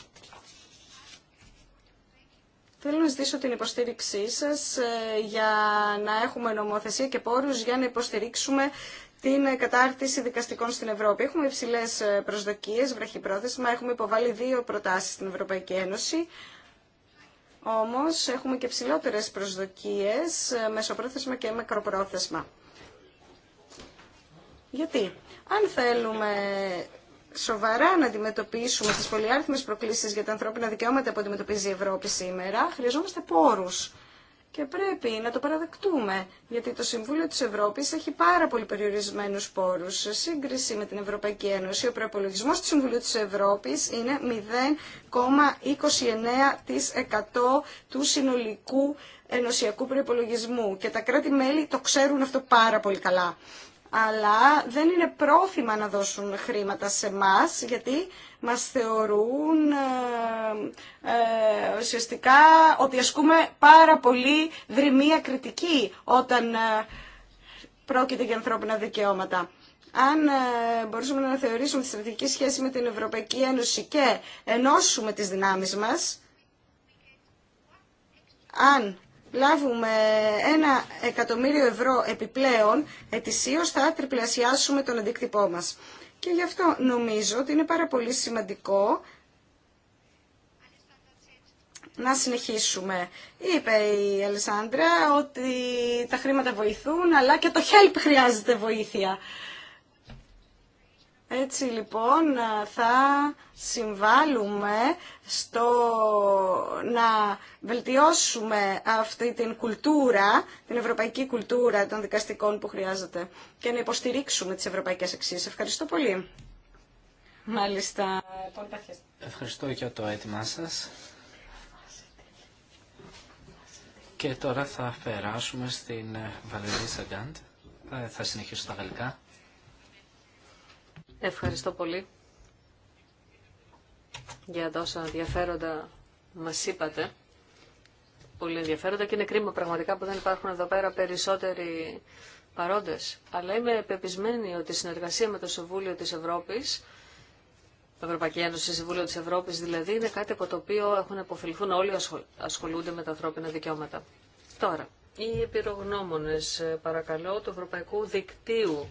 Θέλω να ζητήσω την υποστήριξή σας ε, για να έχουμε νομοθεσία και πόρους για να υποστηρίξουμε την κατάρτιση δικαστικών στην Ευρώπη. Έχουμε υψηλέ ε, προσδοκίε, βραχυπρόθεσμα. Έχουμε υποβάλει δύο προτάσει στην Ευρωπαϊκή Ένωση. Όμω έχουμε και ψηλότερε προσδοκίε, ε, μεσοπρόθεσμα και μακροπρόθεσμα. Γιατί, αν θέλουμε σοβαρά να αντιμετωπίσουμε τις πολυάριθμες προκλήσεις για τα ανθρώπινα δικαιώματα που αντιμετωπίζει η Ευρώπη σήμερα, χρειαζόμαστε πόρους και πρέπει να το παραδεκτούμε, γιατί το Συμβούλιο της Ευρώπης έχει πάρα πολύ περιορισμένους πόρους. Σε σύγκριση με την Ευρωπαϊκή Ένωση, ο προπολογισμό του Συμβουλίου της Ευρώπης είναι 0,29% του συνολικού ενωσιακού προπολογισμού. και τα κράτη-μέλη το ξέρουν αυτό πάρα πολύ καλά αλλά δεν είναι πρόθυμα να δώσουν χρήματα σε εμά, γιατί μας θεωρούν ε, ε, ουσιαστικά ότι ασκούμε πάρα πολύ δρυμία κριτική όταν ε, πρόκειται για ανθρώπινα δικαιώματα. Αν ε, μπορούσαμε να θεωρήσουμε τη στρατηγική σχέση με την Ευρωπαϊκή Ένωση και ενώσουμε τις δυνάμεις μας, αν λάβουμε ένα εκατομμύριο ευρώ επιπλέον ετησίως θα τριπλασιάσουμε τον αντίκτυπό μας. Και γι' αυτό νομίζω ότι είναι πάρα πολύ σημαντικό να συνεχίσουμε. Είπε η Αλεσάνδρα ότι τα χρήματα βοηθούν, αλλά και το help χρειάζεται βοήθεια. Έτσι λοιπόν θα συμβάλλουμε στο να βελτιώσουμε αυτή την κουλτούρα, την ευρωπαϊκή κουλτούρα των δικαστικών που χρειάζεται και να υποστηρίξουμε τις ευρωπαϊκές αξίες. Ευχαριστώ πολύ. Μάλιστα. Ευχαριστώ για το έτοιμά σας. Και τώρα θα περάσουμε στην Βαλερή Σαγκάντ. Ε, θα συνεχίσω στα γαλλικά. Ευχαριστώ πολύ για τόσα ενδιαφέροντα μας είπατε. Πολύ ενδιαφέροντα και είναι κρίμα πραγματικά που δεν υπάρχουν εδώ πέρα περισσότεροι παρόντες. Αλλά είμαι πεπισμένη ότι η συνεργασία με το Συμβούλιο της Ευρώπης Ευρωπαϊκή Ένωση, Συμβούλιο της Ευρώπη δηλαδή, είναι κάτι από το οποίο έχουν αποφεληθούν όλοι ασχολούνται με τα ανθρώπινα δικαιώματα. Τώρα, οι επιρρογνώμονε, παρακαλώ, του Ευρωπαϊκού Δικτύου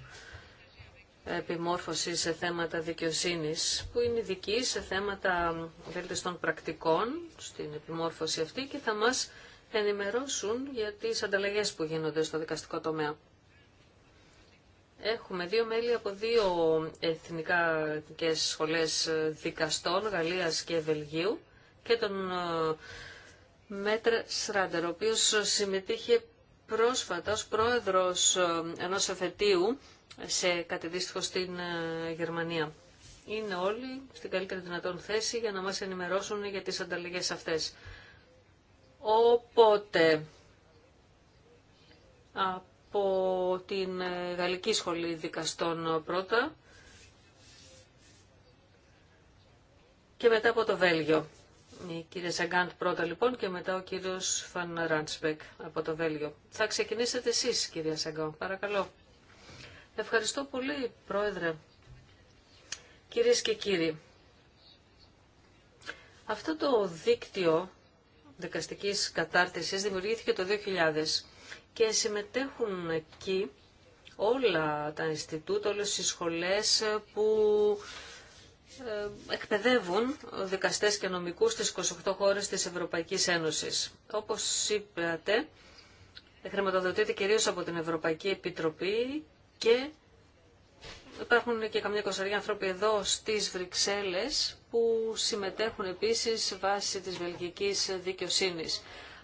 επιμόρφωση σε θέματα δικαιοσύνη που είναι ειδική σε θέματα βέλτιστων πρακτικών στην επιμόρφωση αυτή και θα μας ενημερώσουν για τις ανταλλαγέ που γίνονται στο δικαστικό τομέα. Έχουμε δύο μέλη από δύο εθνικά και σχολές δικαστών, Γαλλίας και Βελγίου και τον ε, Μέτρε Σράντερ, ο οποίος συμμετείχε πρόσφατα ως πρόεδρος ε, ενός εφετείου σε κάτι στην ε, Γερμανία. Είναι όλοι στην καλύτερη δυνατόν θέση για να μας ενημερώσουν για τις ανταλλαγές αυτές. Οπότε, από την ε, Γαλλική Σχολή Δικαστών πρώτα και μετά από το Βέλγιο. Η κυρία Σαγκάντ πρώτα λοιπόν και μετά ο κύριος Φαν Ράντσπεκ από το Βέλγιο. Θα ξεκινήσετε εσείς κυρία Σαγκάντ, παρακαλώ. Ευχαριστώ πολύ, Πρόεδρε. Κυρίες και κύριοι, αυτό το δίκτυο δικαστικής κατάρτισης δημιουργήθηκε το 2000 και συμμετέχουν εκεί όλα τα Ινστιτούτα, όλες οι σχολές που ε, εκπαιδεύουν δικαστές και νομικούς στις 28 χώρες της Ευρωπαϊκής Ένωσης. Όπως είπατε, χρηματοδοτείται κυρίως από την Ευρωπαϊκή Επιτροπή και υπάρχουν και καμιά κοσαριά άνθρωποι εδώ στις Βρυξέλλες που συμμετέχουν επίσης βάσει της βελγικής δικαιοσύνης.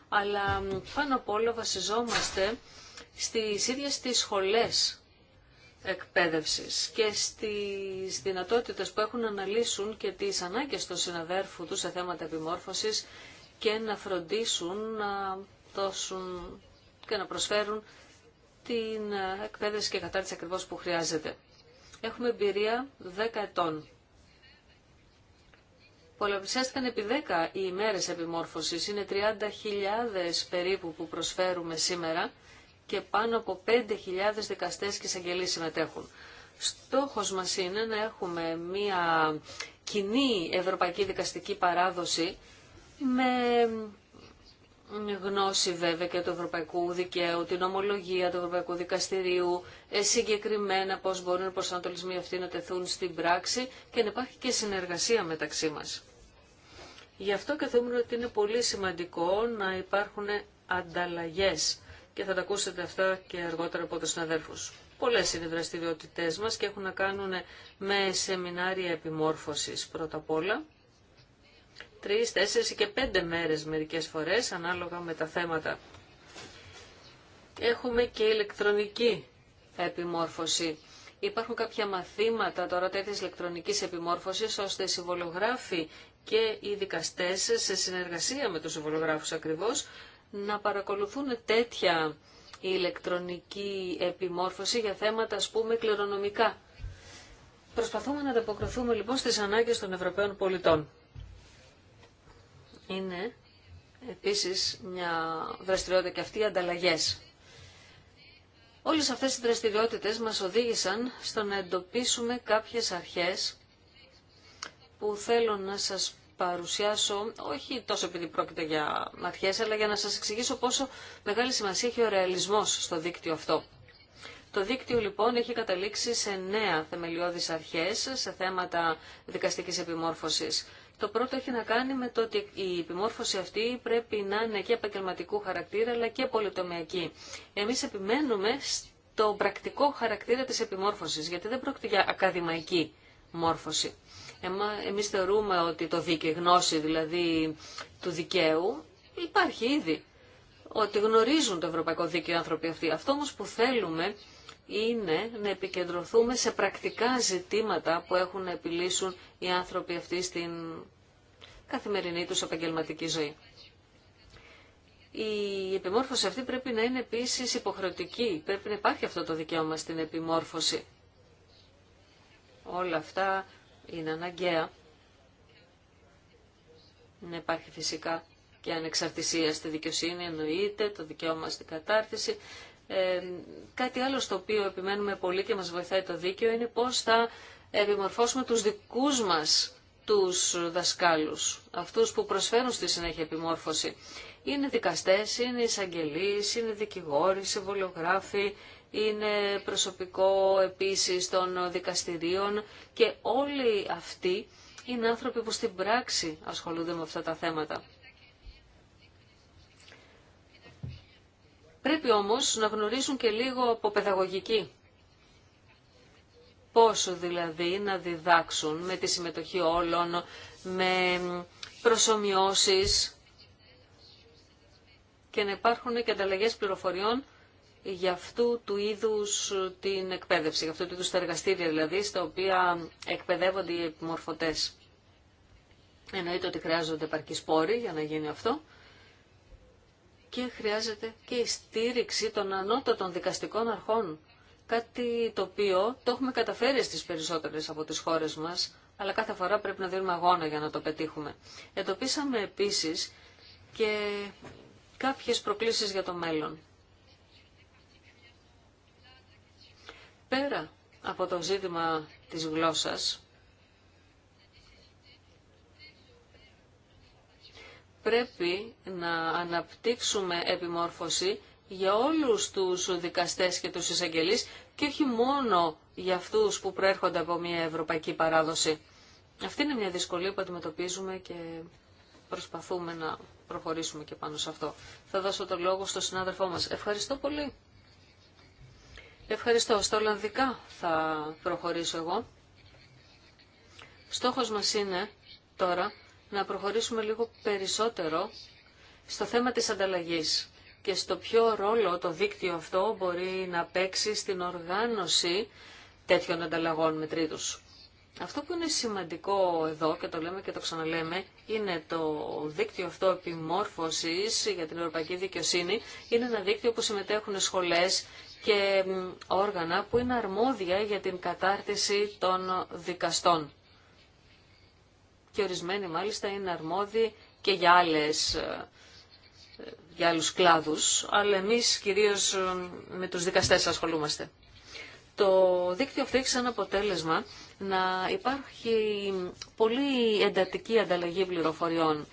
Αλλά πάνω απ' όλα βασιζόμαστε στις ίδιες τις σχολές εκπαίδευσης και στις δυνατότητες που έχουν να αναλύσουν και τις ανάγκες των συναδέρφου τους σε θέματα επιμόρφωσης και να φροντίσουν να δώσουν και να προσφέρουν την εκπαίδευση και κατάρτιση ακριβώς που χρειάζεται. Έχουμε εμπειρία 10 ετών. Πολλαπλησιάστηκαν επί 10 οι ημέρες επιμόρφωσης. Είναι 30.000 περίπου που προσφέρουμε σήμερα και πάνω από 5.000 δικαστές και εισαγγελείς συμμετέχουν. Στόχος μας είναι να έχουμε μια κοινή ευρωπαϊκή δικαστική παράδοση με γνώση βέβαια και του ευρωπαϊκού δικαίου, την ομολογία του ευρωπαϊκού δικαστηρίου, ε, συγκεκριμένα πώς μπορούν οι προσανατολισμοί αυτοί να τεθούν στην πράξη και να υπάρχει και συνεργασία μεταξύ μας. Γι' αυτό και θεωρούμε ότι είναι πολύ σημαντικό να υπάρχουν ανταλλαγές και θα τα ακούσετε αυτά και αργότερα από τους συναδέλφους. Πολλές είναι οι δραστηριότητές μας και έχουν να κάνουν με σεμινάρια επιμόρφωσης πρώτα απ' όλα τρεις, τέσσερις και πέντε μέρες μερικές φορές, ανάλογα με τα θέματα. Έχουμε και ηλεκτρονική επιμόρφωση. Υπάρχουν κάποια μαθήματα τώρα τέτοιες ηλεκτρονικής επιμόρφωσης, ώστε οι συμβολογράφοι και οι δικαστές, σε συνεργασία με τους συμβολογράφους ακριβώς, να παρακολουθούν τέτοια ηλεκτρονική επιμόρφωση για θέματα, ας πούμε, κληρονομικά. Προσπαθούμε να ανταποκριθούμε λοιπόν στις ανάγκες των Ευρωπαίων πολιτών είναι επίσης μια δραστηριότητα και αυτή οι ανταλλαγές. Όλες αυτές οι δραστηριότητες μας οδήγησαν στο να εντοπίσουμε κάποιες αρχές που θέλω να σας παρουσιάσω, όχι τόσο επειδή πρόκειται για αρχές, αλλά για να σας εξηγήσω πόσο μεγάλη σημασία έχει ο ρεαλισμός στο δίκτυο αυτό. Το δίκτυο λοιπόν έχει καταλήξει σε νέα θεμελιώδεις αρχές σε θέματα δικαστικής επιμόρφωσης. Το πρώτο έχει να κάνει με το ότι η επιμόρφωση αυτή πρέπει να είναι και επαγγελματικού χαρακτήρα αλλά και πολυτομιακή. Εμείς επιμένουμε στο πρακτικό χαρακτήρα της επιμόρφωσης, γιατί δεν πρόκειται για ακαδημαϊκή μόρφωση. Εμείς θεωρούμε ότι το δίκαιο, γνώση δηλαδή του δικαίου υπάρχει ήδη, ότι γνωρίζουν το ευρωπαϊκό δίκαιο οι άνθρωποι αυτοί. Αυτό όμως που θέλουμε είναι να επικεντρωθούμε σε πρακτικά ζητήματα που έχουν να επιλύσουν οι άνθρωποι αυτοί στην καθημερινή τους επαγγελματική ζωή. Η επιμόρφωση αυτή πρέπει να είναι επίσης υποχρεωτική. Πρέπει να υπάρχει αυτό το δικαίωμα στην επιμόρφωση. Όλα αυτά είναι αναγκαία. Να υπάρχει φυσικά και ανεξαρτησία στη δικαιοσύνη εννοείται, το δικαίωμα στην κατάρτιση. Ε, κάτι άλλο στο οποίο επιμένουμε πολύ και μας βοηθάει το δίκαιο είναι πώς θα επιμορφώσουμε τους δικούς μας τους δασκάλους, αυτούς που προσφέρουν στη συνέχεια επιμόρφωση. Είναι δικαστές, είναι εισαγγελείς, είναι δικηγόροι, συμβολιογράφοι, είναι προσωπικό επίσης των δικαστηρίων και όλοι αυτοί είναι άνθρωποι που στην πράξη ασχολούνται με αυτά τα θέματα. Πρέπει όμως να γνωρίζουν και λίγο από παιδαγωγική. Πόσο δηλαδή να διδάξουν με τη συμμετοχή όλων, με προσωμιώσεις και να υπάρχουν και ανταλλαγές πληροφοριών για αυτού του είδους την εκπαίδευση, για αυτού του είδους τα εργαστήρια δηλαδή, στα οποία εκπαιδεύονται οι επιμορφωτές. Εννοείται ότι χρειάζονται επαρκή σπόρη για να γίνει αυτό και χρειάζεται και η στήριξη των ανώτατων δικαστικών αρχών. Κάτι το οποίο το έχουμε καταφέρει στις περισσότερες από τις χώρες μας, αλλά κάθε φορά πρέπει να δίνουμε αγώνα για να το πετύχουμε. Εντοπίσαμε επίσης και κάποιες προκλήσεις για το μέλλον. Πέρα από το ζήτημα της γλώσσας, πρέπει να αναπτύξουμε επιμόρφωση για όλους τους δικαστές και τους εισαγγελείς και όχι μόνο για αυτούς που προέρχονται από μια ευρωπαϊκή παράδοση. Αυτή είναι μια δυσκολία που αντιμετωπίζουμε και προσπαθούμε να προχωρήσουμε και πάνω σε αυτό. Θα δώσω το λόγο στον συνάδελφό μας. Ευχαριστώ πολύ. Ευχαριστώ. Στα Ολλανδικά θα προχωρήσω εγώ. Στόχος μας είναι τώρα να προχωρήσουμε λίγο περισσότερο στο θέμα της ανταλλαγής και στο ποιο ρόλο το δίκτυο αυτό μπορεί να παίξει στην οργάνωση τέτοιων ανταλλαγών με τρίτους. Αυτό που είναι σημαντικό εδώ και το λέμε και το ξαναλέμε είναι το δίκτυο αυτό επιμόρφωσης για την Ευρωπαϊκή Δικαιοσύνη. Είναι ένα δίκτυο που συμμετέχουν σχολές και όργανα που είναι αρμόδια για την κατάρτιση των δικαστών και ορισμένοι μάλιστα είναι αρμόδιοι και για, άλλες, ε, για άλλους κλάδους, αλλά εμείς κυρίως ε, με τους δικαστές ασχολούμαστε. Το δίκτυο αυτό έχει σαν αποτέλεσμα να υπάρχει πολύ εντατική ανταλλαγή πληροφοριών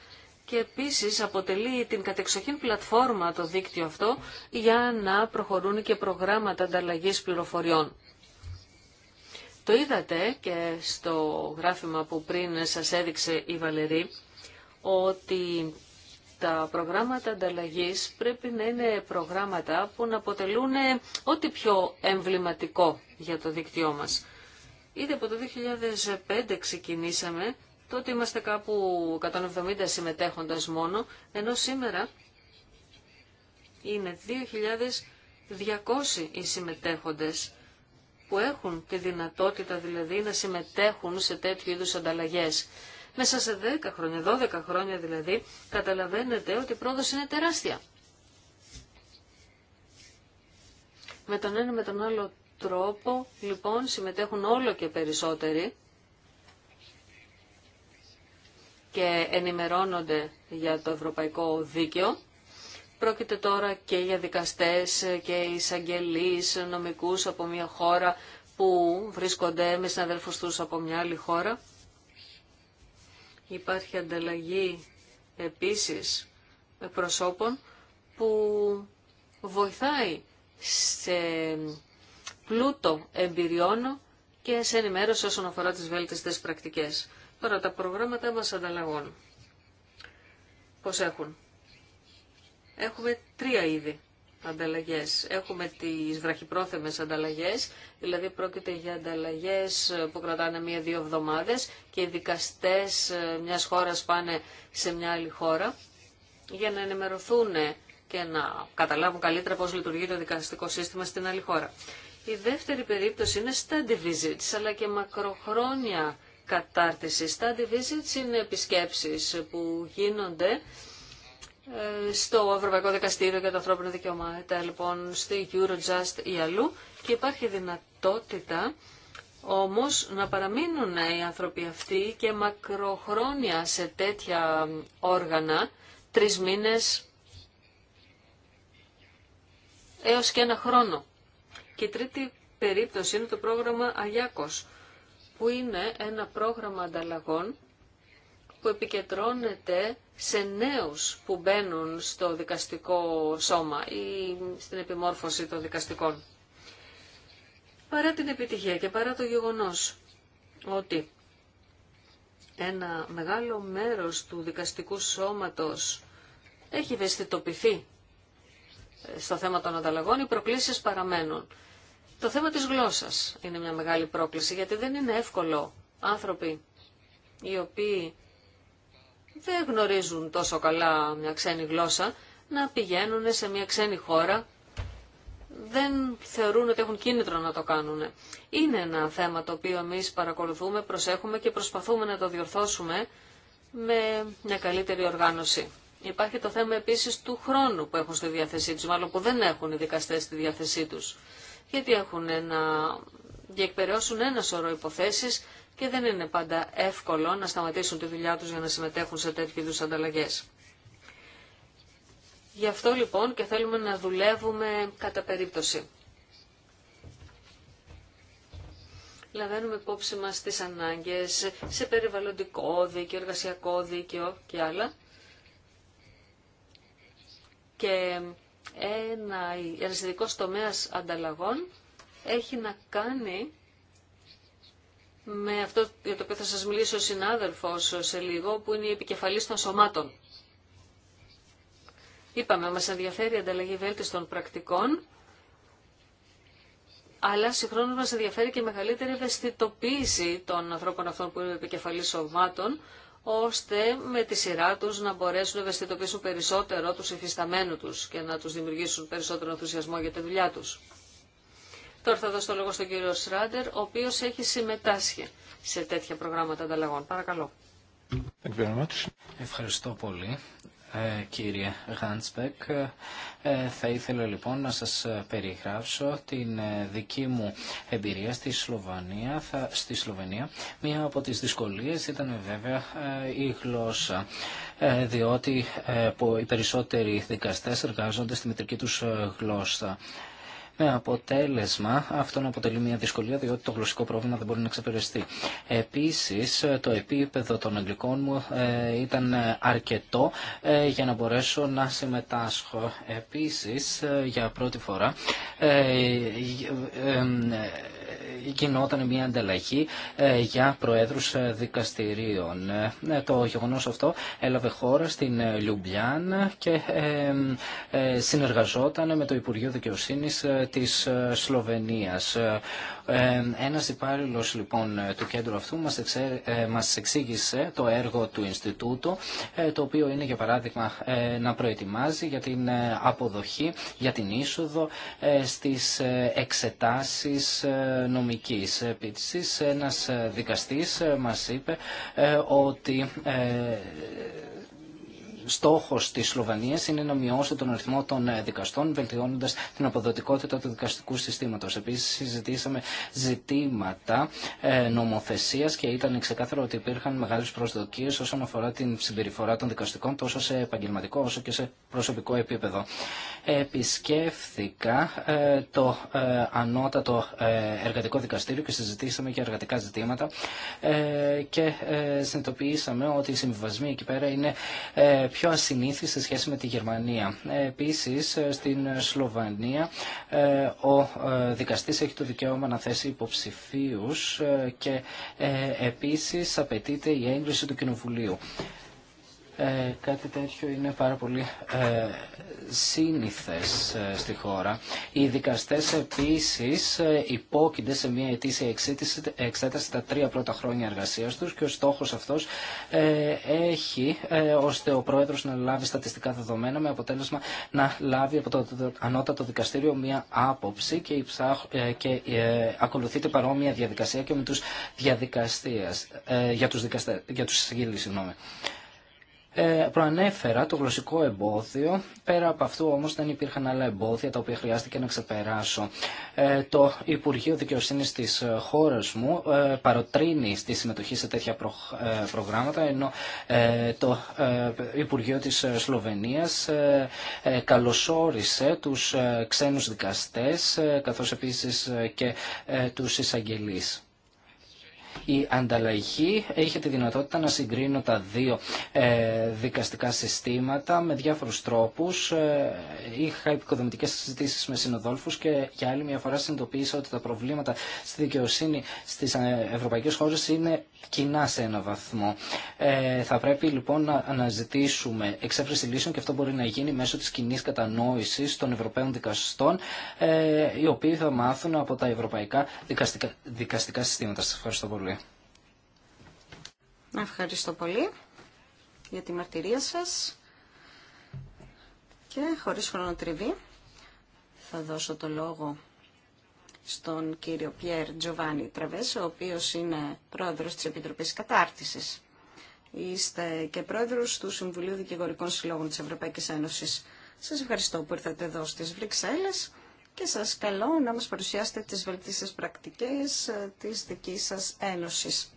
και επίσης αποτελεί την κατεξοχήν πλατφόρμα το δίκτυο αυτό για να προχωρούν και προγράμματα ανταλλαγής πληροφοριών. Το είδατε και στο γράφημα που πριν σας έδειξε η Βαλερή ότι τα προγράμματα ανταλλαγή πρέπει να είναι προγράμματα που να αποτελούν ό,τι πιο εμβληματικό για το δίκτυό μας. Ήδη από το 2005 ξεκινήσαμε, τότε είμαστε κάπου 170 συμμετέχοντας μόνο, ενώ σήμερα είναι 2.200 οι συμμετέχοντες που έχουν τη δυνατότητα δηλαδή να συμμετέχουν σε τέτοιου είδους ανταλλαγές. Μέσα σε 10 χρόνια, 12 χρόνια δηλαδή, καταλαβαίνετε ότι η πρόοδος είναι τεράστια. Με τον ένα με τον άλλο τρόπο, λοιπόν, συμμετέχουν όλο και περισσότεροι και ενημερώνονται για το ευρωπαϊκό δίκαιο Πρόκειται τώρα και για δικαστές και εισαγγελείς, νομικούς από μια χώρα που βρίσκονται με συναδέλφους τους από μια άλλη χώρα. Υπάρχει ανταλλαγή επίσης προσώπων που βοηθάει σε πλούτο εμπειριών και σε ενημέρωση όσον αφορά τις βέλτιστες πρακτικές. Τώρα τα προγράμματα μας ανταλλαγών. Πώς έχουν. Έχουμε τρία είδη ανταλλαγέ. Έχουμε τι βραχυπρόθεμε ανταλλαγέ, δηλαδή πρόκειται για ανταλλαγέ που κρατάνε μία-δύο εβδομαδε και οι δικαστέ μιας χώρας πάνε σε μια άλλη χώρα για να ενημερωθούν και να καταλάβουν καλύτερα πώς λειτουργεί το δικαστικό σύστημα στην άλλη χώρα. Η δεύτερη περίπτωση είναι study visits, αλλά και μακροχρόνια κατάρτιση. Study visits είναι επισκέψεις που γίνονται ε, στο Ευρωπαϊκό Δικαστήριο για τα Ανθρώπινα Δικαιώματα, λοιπόν, στη Eurojust ή αλλού και υπάρχει δυνατότητα όμως να παραμείνουν οι άνθρωποι αυτοί και μακροχρόνια σε τέτοια όργανα, τρεις μήνες έως και ένα χρόνο. Και η τρίτη περίπτωση είναι το πρόγραμμα Αγιάκος, που είναι ένα πρόγραμμα ανταλλαγών που επικεντρώνεται σε νέους που μπαίνουν στο δικαστικό σώμα ή στην επιμόρφωση των δικαστικών. Παρά την επιτυχία και παρά το γεγονός ότι ένα μεγάλο μέρος του δικαστικού σώματος έχει ευαισθητοποιηθεί ε, στο θέμα των ανταλλαγών, οι προκλήσεις παραμένουν. Το θέμα της γλώσσας είναι μια μεγάλη πρόκληση, γιατί δεν είναι εύκολο άνθρωποι οι οποίοι δεν γνωρίζουν τόσο καλά μια ξένη γλώσσα να πηγαίνουν σε μια ξένη χώρα δεν θεωρούν ότι έχουν κίνητρο να το κάνουν. Είναι ένα θέμα το οποίο εμείς παρακολουθούμε, προσέχουμε και προσπαθούμε να το διορθώσουμε με μια καλύτερη οργάνωση. Υπάρχει το θέμα επίσης του χρόνου που έχουν στη διάθεσή τους, μάλλον που δεν έχουν οι δικαστές στη διάθεσή τους. Γιατί έχουν να διεκπαιρεώσουν ένα σωρό υποθέσεις και δεν είναι πάντα εύκολο να σταματήσουν τη δουλειά τους για να συμμετέχουν σε τέτοιου είδους ανταλλαγές. Γι' αυτό λοιπόν και θέλουμε να δουλεύουμε κατά περίπτωση. Λαμβάνουμε υπόψη μας τις ανάγκες σε περιβαλλοντικό δίκαιο, εργασιακό δίκαιο και άλλα. Και ένα, ένας ειδικός τομέας ανταλλαγών έχει να κάνει με αυτό για το οποίο θα σας μιλήσω ο συνάδελφος σε λίγο, που είναι η επικεφαλής των σωμάτων. Είπαμε, μας ενδιαφέρει η ανταλλαγή βέλτιστων πρακτικών, αλλά συγχρόνως μας ενδιαφέρει και η μεγαλύτερη ευαισθητοποίηση των ανθρώπων αυτών που είναι επικεφαλής σωμάτων, ώστε με τη σειρά τους να μπορέσουν να ευαισθητοποιήσουν περισσότερο τους εφισταμένους τους και να τους δημιουργήσουν περισσότερο ενθουσιασμό για τη δουλειά τους. Τώρα θα δώσω το λόγο στον κύριο Σράντερ, ο οποίο έχει συμμετάσχει σε τέτοια προγράμματα ανταλλαγών. Παρακαλώ. Ευχαριστώ πολύ ε, κύριε Γάντσπεκ. Ε, θα ήθελα λοιπόν να σας ε, περιγράψω την δική μου εμπειρία στη Σλοβανία. Θα, στη Σλοβενία. Μία από τις δυσκολίες ήταν βέβαια η γλώσσα, διότι οι περισσότεροι δικαστές εργάζονται στη μετρική τους γλώσσα με αποτέλεσμα αυτό να αποτελεί μια δυσκολία διότι το γλωσσικό πρόβλημα δεν μπορεί να ξεπεριστεί. Επίσης το επίπεδο των αγγλικών μου ε, ήταν αρκετό ε, για να μπορέσω να συμμετάσχω. Επίσης ε, για πρώτη φορά γινόταν μια ανταλλαγή για προέδρους δικαστηρίων. Το γεγονός αυτό έλαβε χώρα στην Λιουμπιάν και συνεργαζόταν με το Υπουργείο Δικαιοσύνης της ε, Σλοβενίας. Ε, ε, ένας υπάλληλος λοιπόν του κέντρου αυτού μας εξήγησε το έργο του Ινστιτούτου, το οποίο είναι για παράδειγμα να προετοιμάζει για την αποδοχή, για την είσοδο στις εξετάσεις νομικής. Επίσης ένας δικαστής μας είπε ότι Στόχο τη Σλοβανία είναι να μειώσει τον αριθμό των ε, δικαστών, βελτιώνοντα την αποδοτικότητα του δικαστικού συστήματο. Επίση, συζητήσαμε ζητήματα ε, νομοθεσία και ήταν ξεκάθαρο ότι υπήρχαν μεγάλε προσδοκίε όσον αφορά την συμπεριφορά των δικαστικών, τόσο σε επαγγελματικό όσο και σε προσωπικό επίπεδο. Επισκέφθηκα ε, το ανώτατο εργατικό δικαστήριο και συζητήσαμε και εργατικά ζητήματα και συνειδητοποιήσαμε ότι οι συμβιβασμοί εκεί πέρα είναι πιο ασυνήθι σε σχέση με τη Γερμανία. Ε, επίσης, ε, στην Σλοβανία ε, ο δικαστής έχει το δικαίωμα να θέσει υποψηφίους και επίσης απαιτείται η έγκριση του Κοινοβουλίου. Ε, κάτι τέτοιο είναι πάρα πολύ ε, σύνηθες ε, στη χώρα. Οι δικαστές επίσης ε, υπόκεινται σε μια ετήσια εξέταση, εξέταση τα τρία πρώτα χρόνια εργασίας τους και ο στόχος αυτός ε, έχει ώστε ο πρόεδρος να λάβει στατιστικά δεδομένα με αποτέλεσμα να λάβει από το, το ανώτατο δικαστήριο μια άποψη και, και ακολουθείται παρόμοια διαδικασία και με τους διαδικαστές, για τους, τους ε, προανέφερα το γλωσσικό εμπόδιο. Πέρα από αυτό όμως δεν υπήρχαν άλλα εμπόδια τα οποία χρειάστηκε να ξεπεράσω. Ε, το Υπουργείο Δικαιοσύνης της χώρας μου ε, παροτρύνει στη συμμετοχή σε τέτοια προγράμματα ενώ το Υπουργείο της Σλοβενίας καλωσόρισε τους ξένους δικαστές καθώς επίσης και τους εισαγγελείς η ανταλλαγή Έχει τη δυνατότητα να συγκρίνω τα δύο ε, δικαστικά συστήματα με διάφορους τρόπους. Ε, είχα υποδομητικές συζητήσεις με συνοδόλφους και για άλλη μια φορά συνειδητοποίησα ότι τα προβλήματα στη δικαιοσύνη στις ε, ευρωπαϊκές χώρες είναι κοινά σε ένα βαθμό. Θα πρέπει λοιπόν να αναζητήσουμε εξέφραση λύσεων και αυτό μπορεί να γίνει μέσω της κοινή κατανόησης των Ευρωπαίων δικαστών οι οποίοι θα μάθουν από τα ευρωπαϊκά δικαστικά, δικαστικά συστήματα. Σας ευχαριστώ πολύ. Ευχαριστώ πολύ για τη μαρτυρία σας και χωρίς χρονοτριβή θα δώσω το λόγο στον κύριο Πιέρ Τζοβάνι Τραβέσο, ο οποίος είναι πρόεδρος της Επιτροπής Κατάρτισης. Είστε και πρόεδρος του Συμβουλίου Δικηγορικών Συλλόγων της Ευρωπαϊκής Ένωσης. Σας ευχαριστώ που ήρθατε εδώ στις Βρυξέλλες και σας καλώ να μας παρουσιάσετε τις βελτίσεις πρακτικές ε, της δικής σας ένωσης.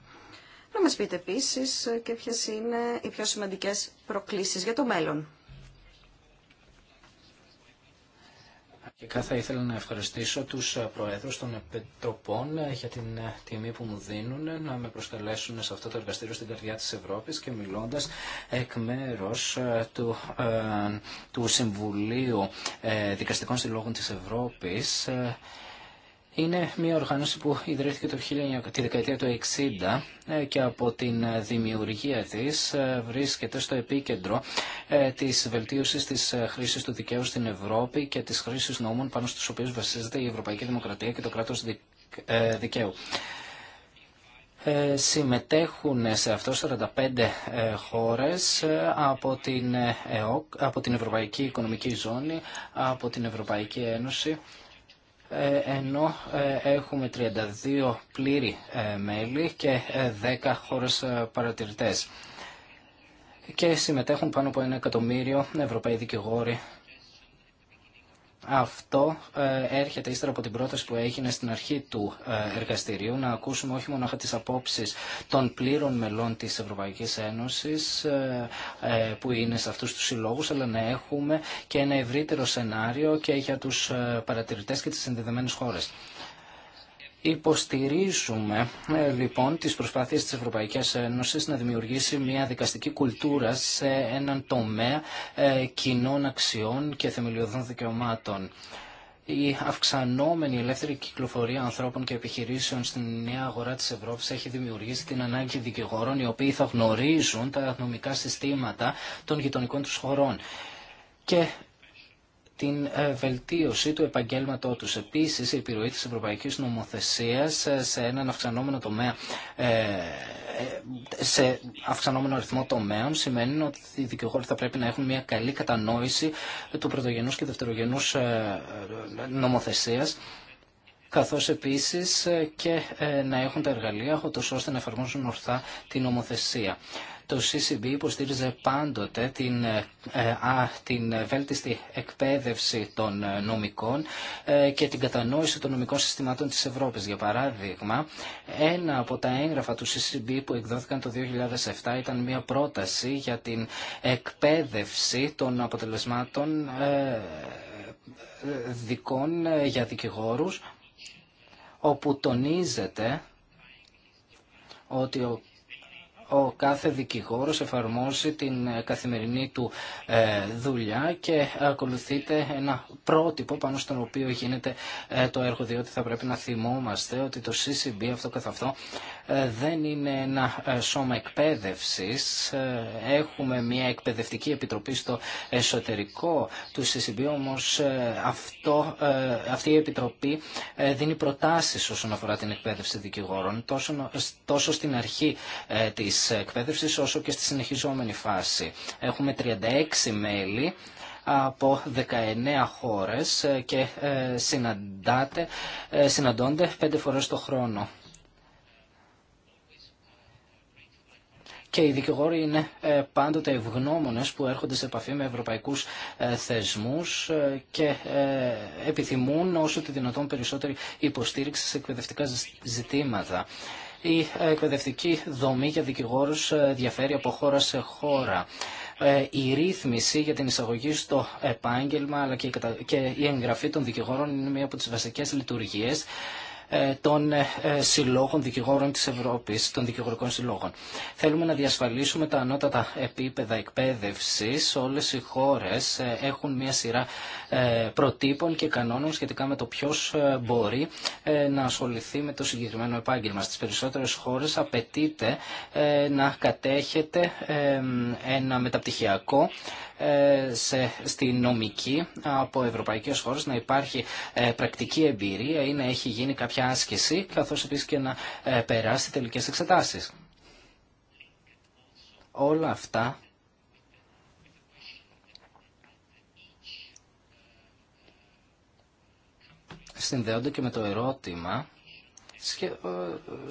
Να μας πείτε επίσης ε, και ποιες είναι οι πιο σημαντικές προκλήσεις για το μέλλον. και θα ήθελα να ευχαριστήσω τους ε, προέδρους των επιτροπών ε, για την ε, τιμή που μου δίνουν να με προσκαλέσουν σε αυτό το εργαστήριο στην καρδιά της Ευρώπης και μιλώντας εκ μέρους του, του Συμβουλίου Δικαστικών Συλλόγων της Ευρώπης είναι μια οργάνωση που ιδρύθηκε το τη δεκαετία του 1960 ε, και από την δημιουργία της ε, βρίσκεται στο επίκεντρο ε, της βελτίωσης της χρήσης του δικαίου στην Ευρώπη και της χρήσης νόμων πάνω στους οποίους βασίζεται η Ευρωπαϊκή Δημοκρατία και το κράτος δικαίου. Συμμετέχουν σε αυτό 45 χώρες από την, από την Ευρωπαϊκή Οικονομική Ζώνη, από την Ευρωπαϊκή Ένωση ε, ενώ ε, έχουμε 32 πλήρη ε, μέλη και 10 χώρες παρατηρητές. Και συμμετέχουν πάνω από ένα εκατομμύριο Ευρωπαίοι δικηγόροι αυτό ε, έρχεται ύστερα από την πρόταση που έγινε στην αρχή του ε, εργαστηρίου να ακούσουμε όχι μόνο τις απόψεις των πλήρων μελών της Ευρωπαϊκής Ένωσης ε, που είναι σε αυτούς τους συλλόγους αλλά να έχουμε και ένα ευρύτερο σενάριο και για τους παρατηρητές και τις συνδεδεμένε χώρες. Υποστηρίζουμε ε, λοιπόν τις προσπάθειες της Ευρωπαϊκής Ένωσης να δημιουργήσει μια δικαστική κουλτούρα σε έναν τομέα ε, κοινών αξιών και θεμελιωδών δικαιωμάτων. Η αυξανόμενη ελεύθερη κυκλοφορία ανθρώπων και επιχειρήσεων στην νέα αγορά της Ευρώπης έχει δημιουργήσει την ανάγκη δικηγόρων οι οποίοι θα γνωρίζουν τα νομικά συστήματα των γειτονικών τους χωρών. Και την ε, βελτίωση του επαγγέλματό τους. Επίσης, η επιρροή της Ευρωπαϊκής Νομοθεσίας ε, σε έναν αυξανόμενο τομέα, ε, σε αυξανόμενο αριθμό τομέων σημαίνει ότι οι δικηγόροι θα πρέπει να έχουν μια καλή κατανόηση του πρωτογενούς και δευτερογενούς νομοθεσίας καθώς επίσης και να έχουν τα εργαλεία ώστε να εφαρμόσουν ορθά την νομοθεσία. Το CCB υποστήριζε πάντοτε την, ε, ε, α, την βέλτιστη εκπαίδευση των ε, νομικών και την κατανόηση των νομικών συστημάτων της Ευρώπης. Για παράδειγμα, ένα από τα έγγραφα του CCB που εκδόθηκαν το 2007 ήταν μια πρόταση για την εκπαίδευση των αποτελεσμάτων δικών για δικηγόρους όπου τονίζεται ότι ο ο κάθε δικηγόρος εφαρμόζει την ε, καθημερινή του ε, δουλειά και ακολουθείται ένα πρότυπο πάνω στον οποίο γίνεται ε, το έργο διότι θα πρέπει να θυμόμαστε ότι το CCB αυτό καθ' αυτό δεν είναι ένα σώμα εκπαίδευσης. Έχουμε μια εκπαιδευτική επιτροπή στο εσωτερικό του CCB όμως αυτό, αυτή η επιτροπή δίνει προτάσεις όσον αφορά την εκπαίδευση δικηγόρων τόσο, τόσο στην αρχή της της εκπαίδευσης όσο και στη συνεχιζόμενη φάση. Έχουμε 36 μέλη από 19 χώρες και ε, ε, συναντώνται 5 φορές το χρόνο. Και οι δικηγόροι είναι ε, πάντοτε ευγνώμονες που έρχονται σε επαφή με ευρωπαϊκούς θεσμούς και επιθυμούν όσο τη δυνατόν περισσότερη υποστήριξη σε εκπαιδευτικά ζητήματα η εκπαιδευτική δομή για δικηγόρους ε, διαφέρει από χώρα σε χώρα. Ε, η ρύθμιση για την εισαγωγή στο επάγγελμα αλλά και η εγγραφή των δικηγόρων είναι μία από τις βασικές λειτουργίες ε, των ε, συλλόγων δικηγόρων της Ευρώπης, των δικηγορικών συλλόγων. Θέλουμε να διασφαλίσουμε τα ανώτατα επίπεδα εκπαίδευσης. Όλες οι χώρες ε, έχουν μια σειρά προτύπων και κανόνων σχετικά με το ποιος μπορεί να ασχοληθεί με το συγκεκριμένο επάγγελμα. Στις περισσότερες χώρες απαιτείται να κατέχετε ένα μεταπτυχιακό ε, σε, στη νομική από ευρωπαϊκές χώρες να υπάρχει ε, πρακτική εμπειρία ή να έχει γίνει κάποια άσκηση καθώς επίσης και να ε, περάσει τελικές εξετάσεις. Όλα αυτά συνδέονται και με το ερώτημα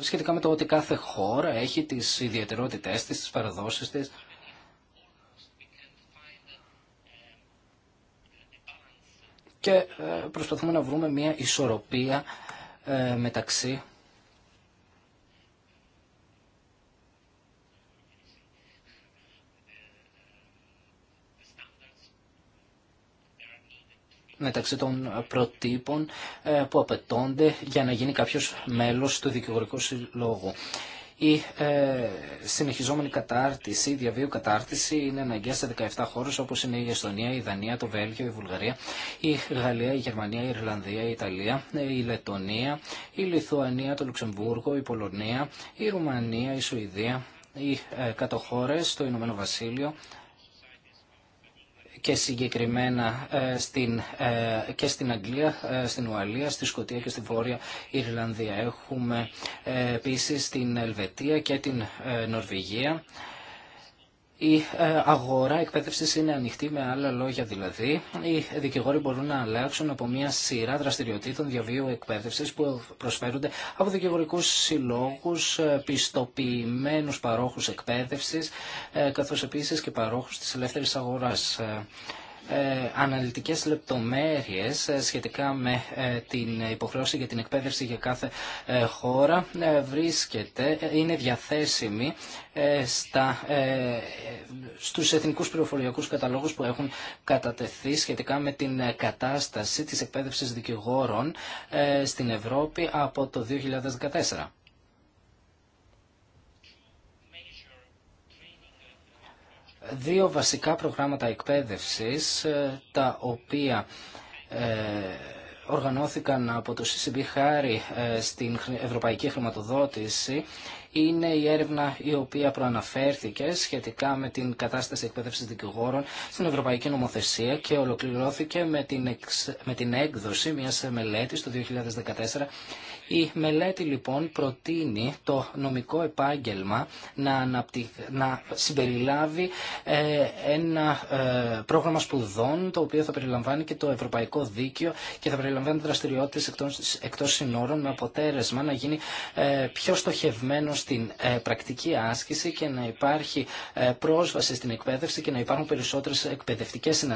σχετικά με το ότι κάθε χώρα έχει τις ιδιαιτερότητές της, τις παραδόσεις της και ε, προσπαθούμε να βρούμε μια ισορροπία ε, μεταξύ μεταξύ των προτύπων ε, που απαιτώνται για να γίνει κάποιος μέλος του δικηγορικού συλλόγου. Η ε, συνεχιζόμενη κατάρτιση, η διαβίου κατάρτιση είναι αναγκαία σε 17 χώρε όπω είναι η Εστονία, η Δανία, το Βέλγιο, η Βουλγαρία, η Γαλλία, η Γερμανία, η Ιρλανδία, η Ιταλία, η Λετωνία, η Λιθουανία, το Λουξεμβούργο, η Πολωνία, η Ρουμανία, η Σουηδία, οι ε, κατοχώρε, το Ηνωμένο Βασίλειο, και συγκεκριμένα ε, στην, ε, και στην Αγγλία, ε, στην Ουαλία, στη Σκωτία και στη Βόρεια Ιρλανδία. Έχουμε επίσης την Ελβετία και την Νορβηγία η ε, αγορά εκπαίδευση είναι ανοιχτή, με άλλα λόγια δηλαδή. Οι δικηγόροι μπορούν να αλλάξουν από μια σειρά δραστηριοτήτων διαβίου εκπαίδευση που προσφέρονται από δικηγορικούς συλλόγους, ε, πιστοποιημένους παρόχους εκπαίδευσης, ε, καθώς επίσης και παρόχους της ελεύθερης αγοράς. Ε, αναλυτικές λεπτομέρειες ε, σχετικά με ε, την υποχρέωση για την εκπαίδευση για κάθε χώρα βρίσκεται, είναι διαθέσιμη στα, στους εθνικούς πληροφοριακούς καταλόγους που έχουν κατατεθεί σχετικά με την κατάσταση της εκπαίδευσης δικηγόρων στην Ευρώπη από το 2014. δύο βασικά προγράμματα εκπαίδευσης ε, τα οποία ε, οργανώθηκαν από το CCB χάρη ε, στην ευρωπαϊκή χρηματοδότηση είναι η έρευνα η οποία προαναφέρθηκε σχετικά με την κατάσταση εκπαίδευσης δικηγόρων στην Ευρωπαϊκή Νομοθεσία και ολοκληρώθηκε με την, με την έκδοση μιας μελέτης το 2014 η μελέτη λοιπόν προτείνει το νομικό επάγγελμα να, να συμπεριλάβει ε, ένα ε, πρόγραμμα σπουδών το οποίο θα περιλαμβάνει και το ευρωπαϊκό δίκαιο και θα περιλαμβάνει δραστηριότητες εκτός, εκτός συνόρων με αποτέλεσμα να γίνει ε, πιο στοχευμένο στην πρακτική άσκηση και να υπάρχει πρόσβαση στην εκπαίδευση και να υπάρχουν περισσότερες εκπαιδευτικές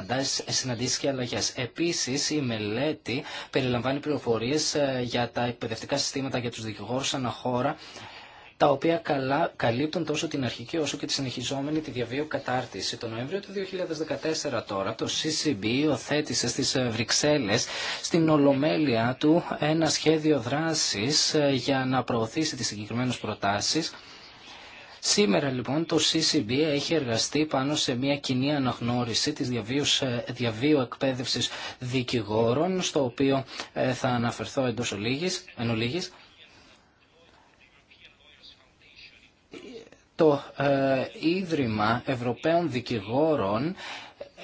συναντήσεις και αλλαγές. Επίσης η μελέτη περιλαμβάνει πληροφορίες για τα εκπαιδευτικά εκπαιδευτικά συστήματα για τους δικηγόρους ανά χώρα, τα οποία καλά, καλύπτουν τόσο την αρχική όσο και τη συνεχιζόμενη τη διαβίω κατάρτιση. Το Νοέμβριο του 2014 τώρα το CCB οθέτησε στις ε, Βρυξέλλες στην Ολομέλεια του ένα σχέδιο δράσης ε, για να προωθήσει τις συγκεκριμένες προτάσεις Σήμερα λοιπόν το CCB έχει εργαστεί πάνω σε μια κοινή αναγνώριση της διαβίους, ε, διαβίου εκπαίδευσης δικηγόρων, στο οποίο ε, θα αναφερθώ εντός ολίγης, εν ολίγης. Το ε, Ίδρυμα Ευρωπαίων Δικηγόρων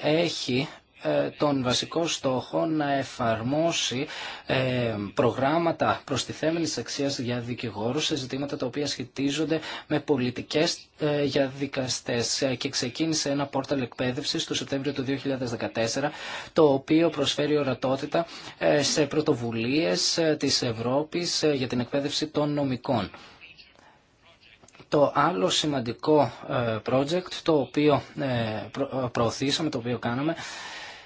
έχει ε, τον βασικό στόχο να εφαρμόσει ε, προγράμματα προστιθέμενης αξίας για δικηγόρους σε ζητήματα τα οποία σχετίζονται με πολιτικές ε, για δικαστές και ξεκίνησε ένα πόρταλ εκπαίδευσης το Σεπτέμβριο του 2014 το οποίο προσφέρει ορατότητα σε πρωτοβουλίες της Ευρώπης για την εκπαίδευση των νομικών. Το άλλο σημαντικό project το οποίο προωθήσαμε, το οποίο κάναμε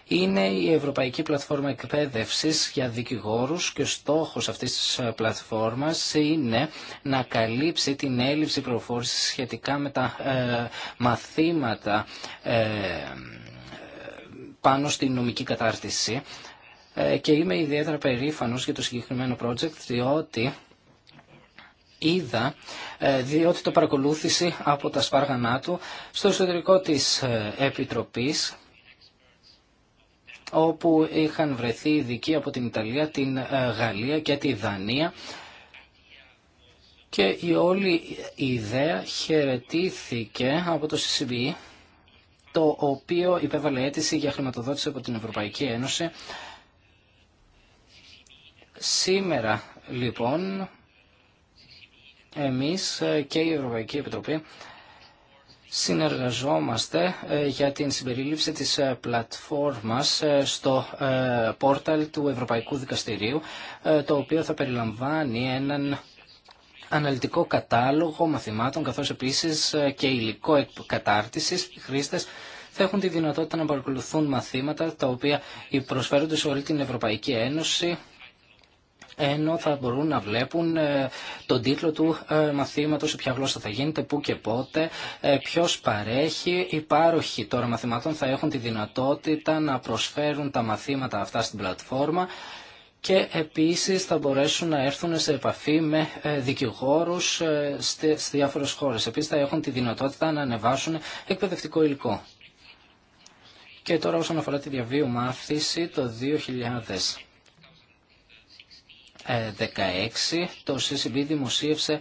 είναι η Ευρωπαϊκή Πλατφόρμα Εκπαίδευσης για Δικηγόρους και ο στόχος αυτής της ε, πλατφόρμας είναι να καλύψει την έλλειψη προφόρησης σχετικά με τα ε, μαθήματα ε, πάνω στη νομική κατάρτιση και είμαι ιδιαίτερα περήφανος για το συγκεκριμένο project διότι είδα, διότι το παρακολούθησε από τα σπάργανά του στο εσωτερικό της Επιτροπής όπου είχαν βρεθεί ειδικοί από την Ιταλία, την ε, Γαλλία και τη Δανία και η όλη ιδέα χαιρετήθηκε από το CCB το οποίο υπέβαλε αίτηση για χρηματοδότηση από την Ευρωπαϊκή Ένωση. Σήμερα λοιπόν εμείς και η Ευρωπαϊκή Επιτροπή συνεργαζόμαστε ε, για την συμπερίληψη της ε, πλατφόρμας ε, στο πόρταλ του Ευρωπαϊκού Δικαστηρίου, το οποίο θα περιλαμβάνει έναν αναλυτικό κατάλογο μαθημάτων, καθώς επίσης και υλικό κατάρτισης. Οι χρήστες θα έχουν τη δυνατότητα να παρακολουθούν μαθήματα, τα οποία προσφέρονται σε όλη την Ευρωπαϊκή Ένωση, ενώ θα μπορούν να βλέπουν ε, τον τίτλο του ε, μαθήματος, σε ποια γλώσσα θα γίνεται, πού και πότε, ε, ποιο παρέχει. Οι πάροχοι τώρα μαθηματών θα έχουν τη δυνατότητα να προσφέρουν τα μαθήματα αυτά στην πλατφόρμα και επίσης θα μπορέσουν να έρθουν σε επαφή με δικηγόρους στις διάφορες χώρες. Επίσης θα έχουν τη δυνατότητα να ανεβάσουν εκπαιδευτικό υλικό. Και τώρα όσον αφορά τη διαβίου μάθηση το 2000. 16, ε, το CCB δημοσίευσε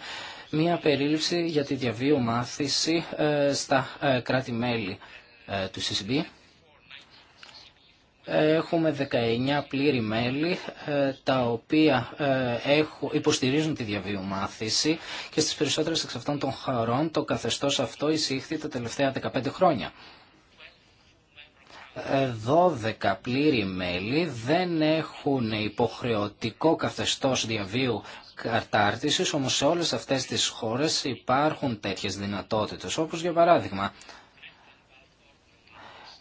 μία περίληψη για τη διαβίωμαθήση ε, στα ε, κράτη-μέλη του CCB. Έχουμε 19 πλήρη μέλη τα οποία υποστηρίζουν τη διαβίωμαθήση και στις περισσότερες εξ αυτών των χαρών το καθεστώς αυτό εισήχθη τα τελευταία 15 χρόνια. 12 πλήρη μέλη δεν έχουν υποχρεωτικό καθεστώς διαβίου κατάρτισης, όμως σε όλες αυτές τις χώρες υπάρχουν τέτοιες δυνατότητες, όπως για παράδειγμα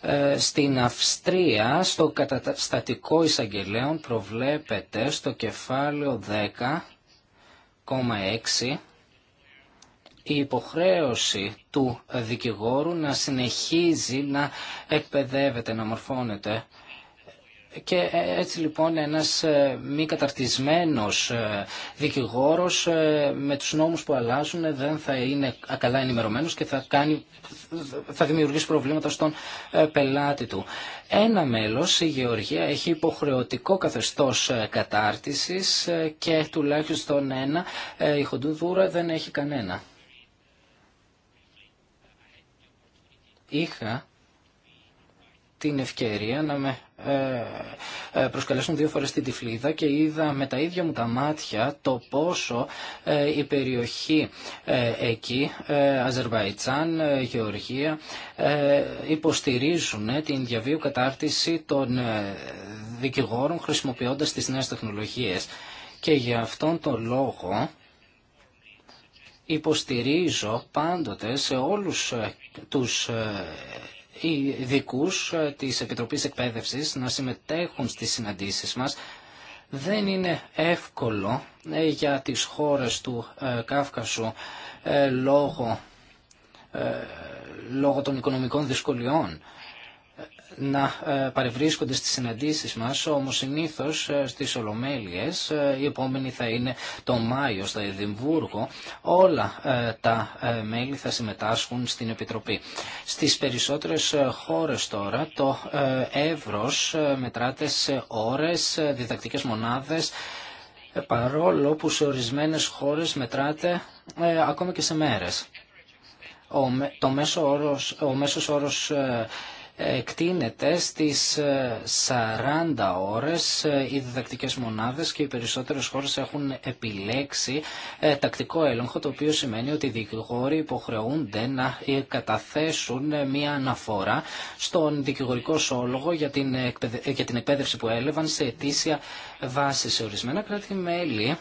ε, στην Αυστρία, στο καταστατικό εισαγγελέων προβλέπεται στο κεφάλαιο 10,6 η υποχρέωση του δικηγόρου να συνεχίζει να εκπαιδεύεται, να μορφώνεται. Και ε, έτσι λοιπόν ένας ε, μη καταρτισμένος ε, δικηγόρος με τους νόμους που αλλάζουν δεν θα είναι καλά ενημερωμένος και θα, κάνει, θα δημιουργήσει προβλήματα στον πελάτη του. Ένα μέλος, η Γεωργία, έχει υποχρεωτικό καθεστώς κατάρτισης και τουλάχιστον ένα, η Χοντούδουρα δεν έχει κανένα. είχα την ευκαιρία να με ε, ε, προσκαλέσουν δύο φορές στην Τυφλίδα και είδα με τα ίδια μου τα μάτια το πόσο ε, η περιοχή εκεί, Αζερβαϊτσάν, Γεωργία, υποστηρίζουν την διαβίου κατάρτιση των δικηγόρων χρησιμοποιώντας τις νέες τεχνολογίες. Και για αυτόν τον λόγο υποστηρίζω πάντοτε σε όλους ε, τους ε, ειδικού ε, της Επιτροπής Εκπαίδευσης να συμμετέχουν στις συναντήσεις μας. Δεν είναι εύκολο για τις χώρες του Κάφκασου λόγω, λόγω των οικονομικών δυσκολιών να ε, παρευρίσκονται στις συναντήσεις μας, όμως συνήθως ε, στις Ολομέλειες, ε, η επόμενη θα είναι το Μάιο στο Εδιμβούργο, όλα τα μέλη θα συμμετάσχουν στην Επιτροπή. Στις περισσότερες χώρες τώρα το εύρος μετράται σε ώρες, διδακτικές μονάδες, παρόλο που σε ορισμένες χώρες μετράται ακόμα και σε μέρες. Ο, το μέσο όρος, ο μέσος όρος εκτείνεται στις 40 ε, ώρες ε, οι διδακτικές μονάδες και οι περισσότερες χώρες έχουν επιλέξει ε, τακτικό έλεγχο το οποίο σημαίνει ότι οι δικηγόροι υποχρεούνται να καταθέσουν μια αναφορά στον δικηγορικό σόλογο για την, για την εκπαίδευση που έλεγαν σε αιτήσια βάση σε ορισμένα κράτη-μέλη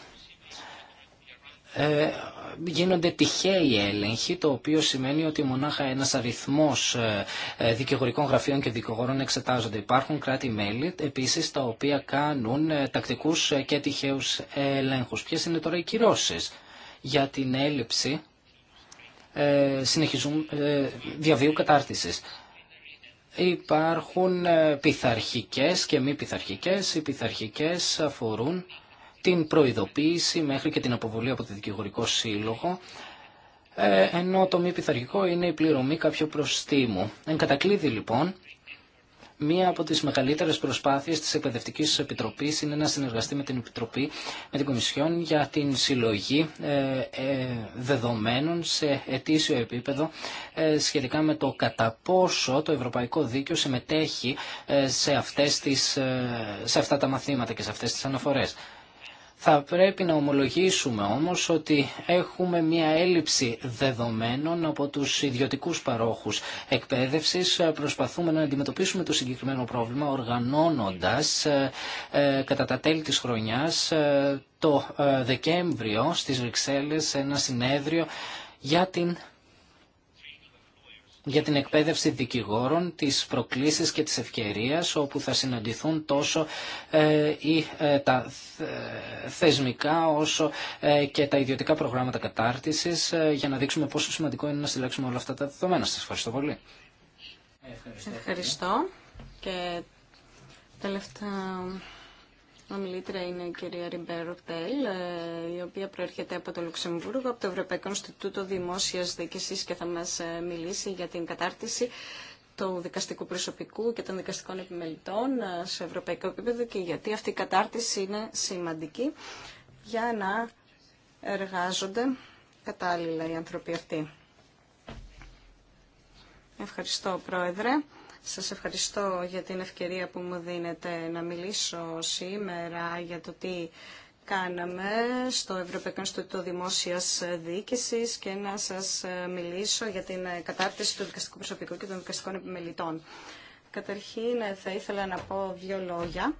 γίνονται τυχαίοι έλεγχοι, το οποίο σημαίνει ότι μονάχα ένας αριθμός ε, ε, δικηγορικών γραφείων και δικηγορών εξετάζονται. Υπάρχουν κράτη-μέλη επίσης τα οποία κάνουν ε, τακτικούς και τυχαίους έλεγχους. Ποιες είναι τώρα οι κυρώσεις για την έλλειψη συνεχιζούν διαβίου κατάρτισης. Υπάρχουν πειθαρχικές και μη πειθαρχικές. Οι πειθαρχικές αφορούν την προειδοποίηση μέχρι και την αποβολή από το δικηγορικό σύλλογο, ε, ενώ το μη πειθαρχικό είναι η πληρωμή κάποιου προστίμου. Εν κατακλείδη λοιπόν, Μία από τι μεγαλύτερε προσπάθειε τη Εκπαιδευτική Επιτροπή είναι να συνεργαστεί με την Επιτροπή, με την Κομισιόν για την συλλογή ε, ε, δεδομένων σε ετήσιο επίπεδο σχετικά με το κατά πόσο το Ευρωπαϊκό Δίκαιο συμμετέχει σε, αυτές τις, σε αυτά τα μαθήματα και σε αυτέ τι αναφορέ. Θα πρέπει να ομολογήσουμε όμως ότι έχουμε μια έλλειψη δεδομένων από τους ιδιωτικούς παρόχους εκπαίδευσης. Προσπαθούμε να αντιμετωπίσουμε το συγκεκριμένο πρόβλημα οργανώνοντας ε, ε, κατά τα τέλη της χρονιάς ε, το Δεκέμβριο στις Βρυξέλλες ένα συνέδριο για την για την εκπαίδευση δικηγόρων, τις προκλήσεις και τις ευκαιρίες όπου θα συναντηθούν τόσο ή ε, ε, τα ε, θεσμικά όσο και τα ιδιωτικά προγράμματα κατάρτισης για να δείξουμε πόσο σημαντικό είναι να συλλέξουμε όλα αυτά τα δεδομένα. Σας ευχαριστώ πολύ. Ευχαριστώ. ευχαριστώ. Και τελευταία ομιλήτρια είναι η κυρία Ριμπέρο Τέλ, ε, η οποία προέρχεται από το Λουξεμβούργο, από το Ευρωπαϊκό Ινστιτούτο Δημόσιας Διοίκησης και θα μας ε, μιλήσει για την κατάρτιση του δικαστικού προσωπικού και των δικαστικών επιμελητών ε, σε ευρωπαϊκό επίπεδο και γιατί αυτή η κατάρτιση είναι σημαντική για να εργάζονται κατάλληλα οι άνθρωποι αυτοί. Ευχαριστώ, Πρόεδρε. Σας ευχαριστώ για την ευκαιρία που μου δίνετε να μιλήσω σήμερα για το τι κάναμε στο Ευρωπαϊκό Ινστιτούτο Δημόσιας Διοίκησης και να σας μιλήσω για την κατάρτιση του δικαστικού προσωπικού και των δικαστικών επιμελητών. Καταρχήν θα ήθελα να πω δύο λόγια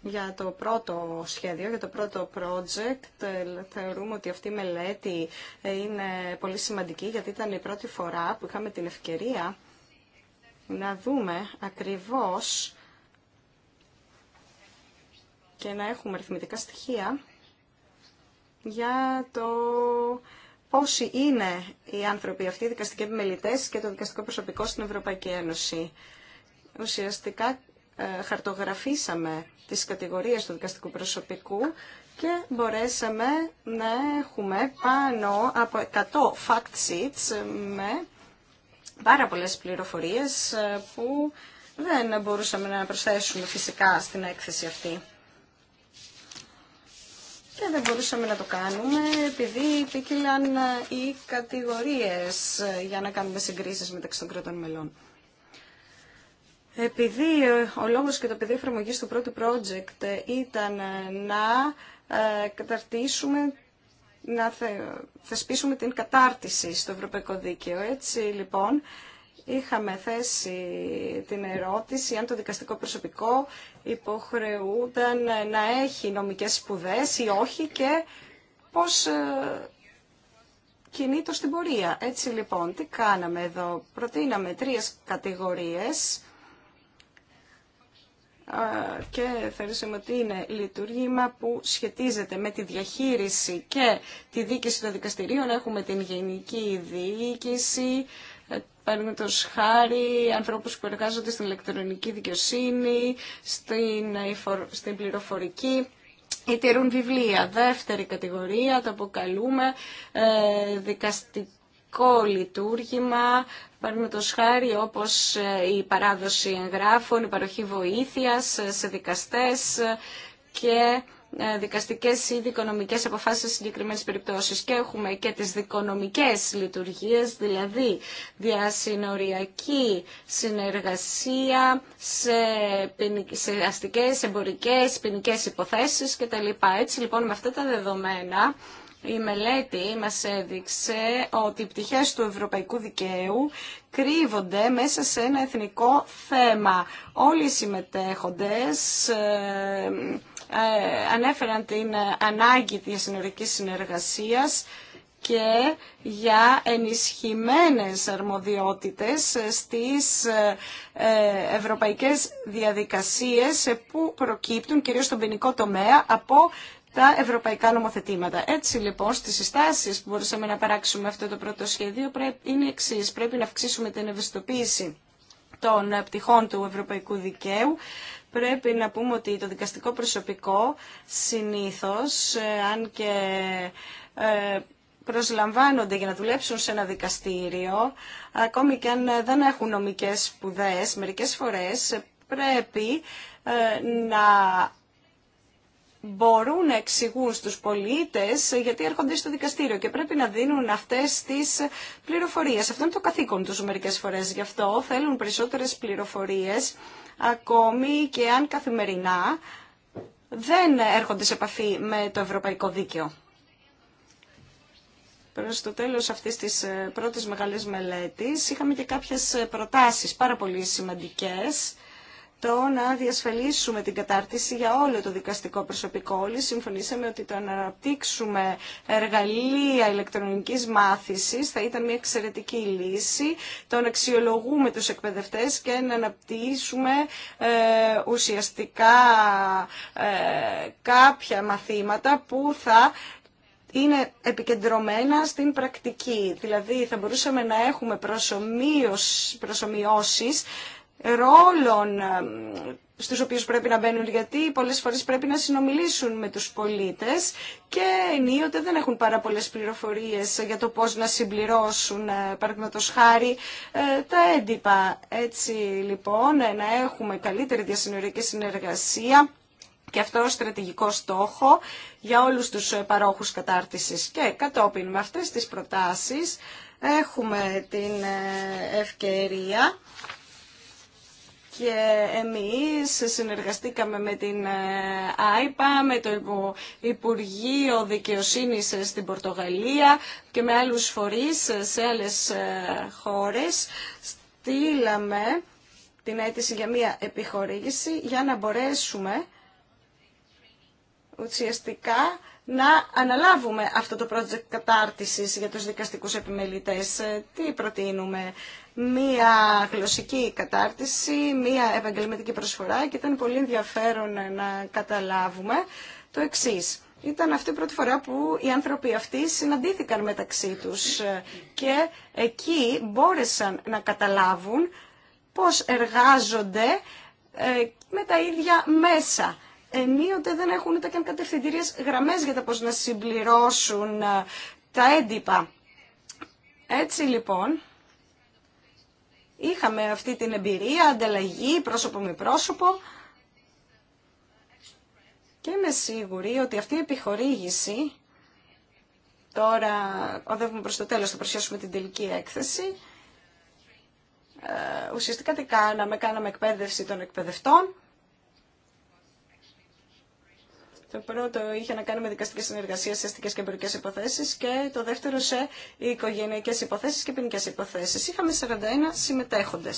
για το πρώτο σχέδιο, για το πρώτο project. Θεωρούμε ότι αυτή η μελέτη είναι πολύ σημαντική γιατί ήταν η πρώτη φορά που είχαμε την ευκαιρία να δούμε ακριβώς και να έχουμε αριθμητικά στοιχεία για το πόσοι είναι οι άνθρωποι αυτοί, οι δικαστικοί επιμελητές και το δικαστικό προσωπικό στην Ευρωπαϊκή Ένωση. Ουσιαστικά ε, χαρτογραφήσαμε τις κατηγορίες του δικαστικού προσωπικού και μπορέσαμε να έχουμε πάνω από 100 fact sheets με πάρα πολλές πληροφορίες ε, που δεν μπορούσαμε να προσθέσουμε φυσικά στην έκθεση αυτή. Και δεν μπορούσαμε να το κάνουμε επειδή επικύλαν ε, οι κατηγορίες ε, για να κάνουμε συγκρίσεις μεταξύ των κρατών μελών. Επειδή ο λόγος και το παιδί εφαρμογής του πρώτου project ήταν να καταρτήσουμε να θεσπίσουμε την κατάρτιση στο Ευρωπαϊκό Δίκαιο. Έτσι λοιπόν είχαμε θέσει την ερώτηση αν το δικαστικό προσωπικό υποχρεούνταν να έχει νομικές σπουδές ή όχι και πώς ε, κινεί το στην πορεία. Έτσι λοιπόν, τι κάναμε εδώ. Προτείναμε τρεις κατηγορίες και θεωρήσαμε ότι είναι λειτουργήμα που σχετίζεται με τη διαχείριση και τη δίκηση των δικαστηρίων. Έχουμε την γενική διοίκηση, ε, παραδείγματο χάρη, ανθρώπου που εργάζονται στην ηλεκτρονική δικαιοσύνη, στην, ε, στην πληροφορική. Ιτηρούν βιβλία. Δεύτερη κατηγορία, το αποκαλούμε ε, δικαστικό λειτουργήμα Παραδείγματο χάρη όπως ε, η παράδοση εγγράφων, η παροχή βοήθειας ε, σε δικαστές ε, και δικαστικές ή δικονομικές αποφάσεις σε συγκεκριμένες περιπτώσεις και έχουμε και τις δικονομικές λειτουργίες, δηλαδή διασυνοριακή συνεργασία σε, αστικέ αστικές, εμπορικές, ποινικέ υποθέσεις κτλ. Έτσι λοιπόν με αυτά τα δεδομένα η μελέτη μας έδειξε ότι οι πτυχές του ευρωπαϊκού δικαίου κρύβονται μέσα σε ένα εθνικό θέμα. Όλοι οι συμμετέχοντες ε, ε, ανέφεραν την ανάγκη της συνορικής συνεργασίας και για ενισχυμένες αρμοδιότητες στις ε, ευρωπαϊκές διαδικασίες που προκύπτουν κυρίως στον ποινικό τομέα από τα ευρωπαϊκά νομοθετήματα. Έτσι λοιπόν στις συστάσεις που μπορούσαμε να παράξουμε αυτό το πρώτο σχέδιο είναι εξή. Πρέπει να αυξήσουμε την ευαισθητοποίηση των πτυχών του ευρωπαϊκού δικαίου. Πρέπει να πούμε ότι το δικαστικό προσωπικό συνήθως, ε, αν και ε, προσλαμβάνονται για να δουλέψουν σε ένα δικαστήριο, ακόμη και αν δεν έχουν νομικές σπουδές, μερικές φορές ε, πρέπει να μπορούν να εξηγούν στους πολίτες γιατί έρχονται στο δικαστήριο και πρέπει να δίνουν αυτές τις πληροφορίες. Αυτό είναι το καθήκον τους μερικές φορές. Γι' αυτό θέλουν περισσότερες πληροφορίες ακόμη και αν καθημερινά δεν έρχονται σε επαφή με το ευρωπαϊκό δίκαιο. Προς το τέλος αυτής της ε, πρώτης μεγάλης μελέτης είχαμε και κάποιες ε, προτάσεις πάρα πολύ σημαντικές το να διασφαλίσουμε την κατάρτιση για όλο το δικαστικό προσωπικό. Όλοι συμφωνήσαμε ότι το να αναπτύξουμε εργαλεία ηλεκτρονικής μάθησης θα ήταν μια εξαιρετική λύση. Το να αξιολογούμε τους εκπαιδευτές και να αναπτύσσουμε ε, ουσιαστικά ε, κάποια μαθήματα που θα είναι επικεντρωμένα στην πρακτική. Δηλαδή θα μπορούσαμε να έχουμε προσωμιώσεις ρόλων ε, στους οποίους πρέπει να μπαίνουν γιατί πολλές φορές πρέπει να συνομιλήσουν με τους πολίτες και ενίοτε δεν έχουν πάρα πολλές πληροφορίες για το πώς να συμπληρώσουν ε, παραδείγματος χάρη ε, τα έντυπα. Έτσι λοιπόν να έχουμε καλύτερη διασυνοριακή συνεργασία και αυτό στρατηγικό στόχο για όλους τους παρόχους κατάρτισης. Και κατόπιν με αυτές τις προτάσεις έχουμε την ευκαιρία και εμείς συνεργαστήκαμε με την ε, ΆΙΠΑ, με το Υπουργείο Δικαιοσύνης ε, στην Πορτογαλία και με άλλους φορείς ε, σε άλλες χώρες. Στείλαμε την αίτηση για μια επιχορήγηση για να μπορέσουμε ουσιαστικά να αναλάβουμε αυτό το project κατάρτισης για τους δικαστικούς επιμελητές. Τι προτείνουμε μία γλωσσική κατάρτιση, μία επαγγελματική προσφορά και ήταν πολύ ενδιαφέρον να καταλάβουμε το εξής. Ήταν αυτή η πρώτη φορά που οι άνθρωποι αυτοί συναντήθηκαν μεταξύ τους και εκεί μπόρεσαν να καταλάβουν πώς εργάζονται ε, με τα ίδια μέσα. Ενίοτε δεν έχουν ούτε καν κατευθυντήριες γραμμές για τα πώς να συμπληρώσουν ε, τα έντυπα. Έτσι λοιπόν, Είχαμε αυτή την εμπειρία, ανταλλαγή πρόσωπο με πρόσωπο και είμαι σίγουρη ότι αυτή η επιχορήγηση, τώρα οδεύουμε προς το τέλος, θα προσιάσουμε την τελική έκθεση, ε, ουσιαστικά τι κάναμε, κάναμε εκπαίδευση των εκπαιδευτών, Το πρώτο είχε να κάνει με δικαστικέ συνεργασίε σε αστικέ και εμπορικέ υποθέσει και το δεύτερο σε οικογενειακέ υποθέσει και ποινικέ υποθέσει. Είχαμε 41 συμμετέχοντε.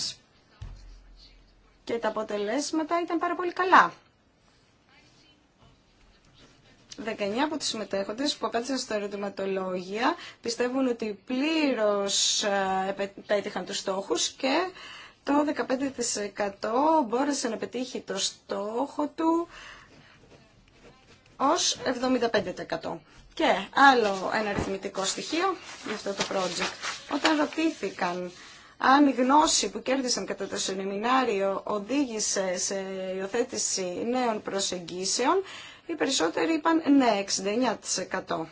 Και τα αποτελέσματα ήταν πάρα πολύ καλά. 19 από τους συμμετέχοντες που απάντησαν στα ερωτηματολόγια πιστεύουν ότι πλήρως ε, πέτυχαν τους στόχους και το 15% μπόρεσε να πετύχει το στόχο του ως 75%. Και άλλο ένα αριθμητικό στοιχείο για αυτό το project. Όταν ρωτήθηκαν αν η γνώση που κέρδισαν κατά το σεμινάριο οδήγησε σε υιοθέτηση νέων προσεγγίσεων, οι περισσότεροι είπαν ναι, 69%.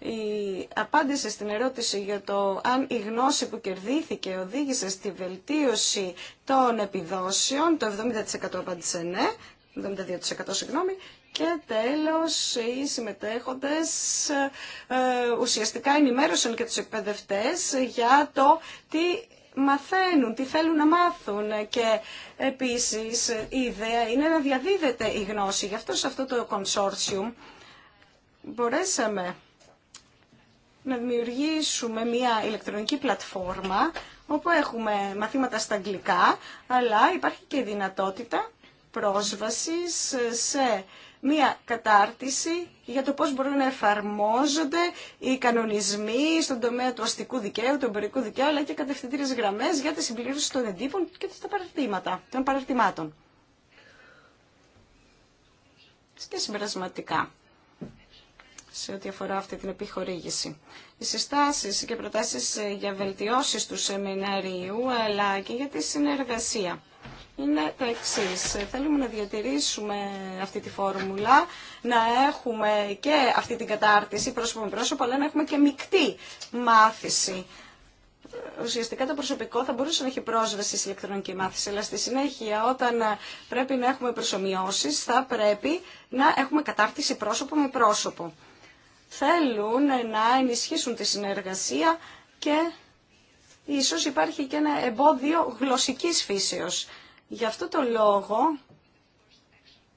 Η απάντηση στην ερώτηση για το αν η γνώση που κερδίθηκε οδήγησε στη βελτίωση των επιδόσεων, το 70% απάντησε ναι, 72% συγγνώμη, και τέλος, οι συμμετέχοντες ε, ουσιαστικά ενημέρωσαν και τους εκπαιδευτές για το τι μαθαίνουν, τι θέλουν να μάθουν και επίσης η ιδέα είναι να διαδίδεται η γνώση. Γι' αυτό σε αυτό το consortium μπορέσαμε να δημιουργήσουμε μια ηλεκτρονική πλατφόρμα όπου έχουμε μαθήματα στα αγγλικά, αλλά υπάρχει και δυνατότητα πρόσβασης σε μία κατάρτιση για το πώς μπορούν να εφαρμόζονται οι κανονισμοί στον τομέα του αστικού δικαίου, του εμπορικού δικαίου, αλλά και κατευθυντήρες γραμμές για τη συμπλήρωση των εντύπων και τα παραρτήματα, των παραρτημάτων. Και συμπερασματικά σε ό,τι αφορά αυτή την επιχορήγηση. Οι συστάσεις και προτάσεις για βελτιώσεις του σεμιναρίου, αλλά και για τη συνεργασία είναι το εξή. Θέλουμε να διατηρήσουμε αυτή τη φόρμουλα, να έχουμε και αυτή την κατάρτιση πρόσωπο με πρόσωπο, αλλά να έχουμε και μεικτή μάθηση. Ουσιαστικά το προσωπικό θα μπορούσε να έχει πρόσβαση σε ηλεκτρονική μάθηση, αλλά στη συνέχεια όταν πρέπει να έχουμε προσωμιώσει, θα πρέπει να έχουμε κατάρτιση πρόσωπο με πρόσωπο. Θέλουν να ενισχύσουν τη συνεργασία και ίσως υπάρχει και ένα εμπόδιο γλωσσικής φύσεως. Γι' αυτό το λόγο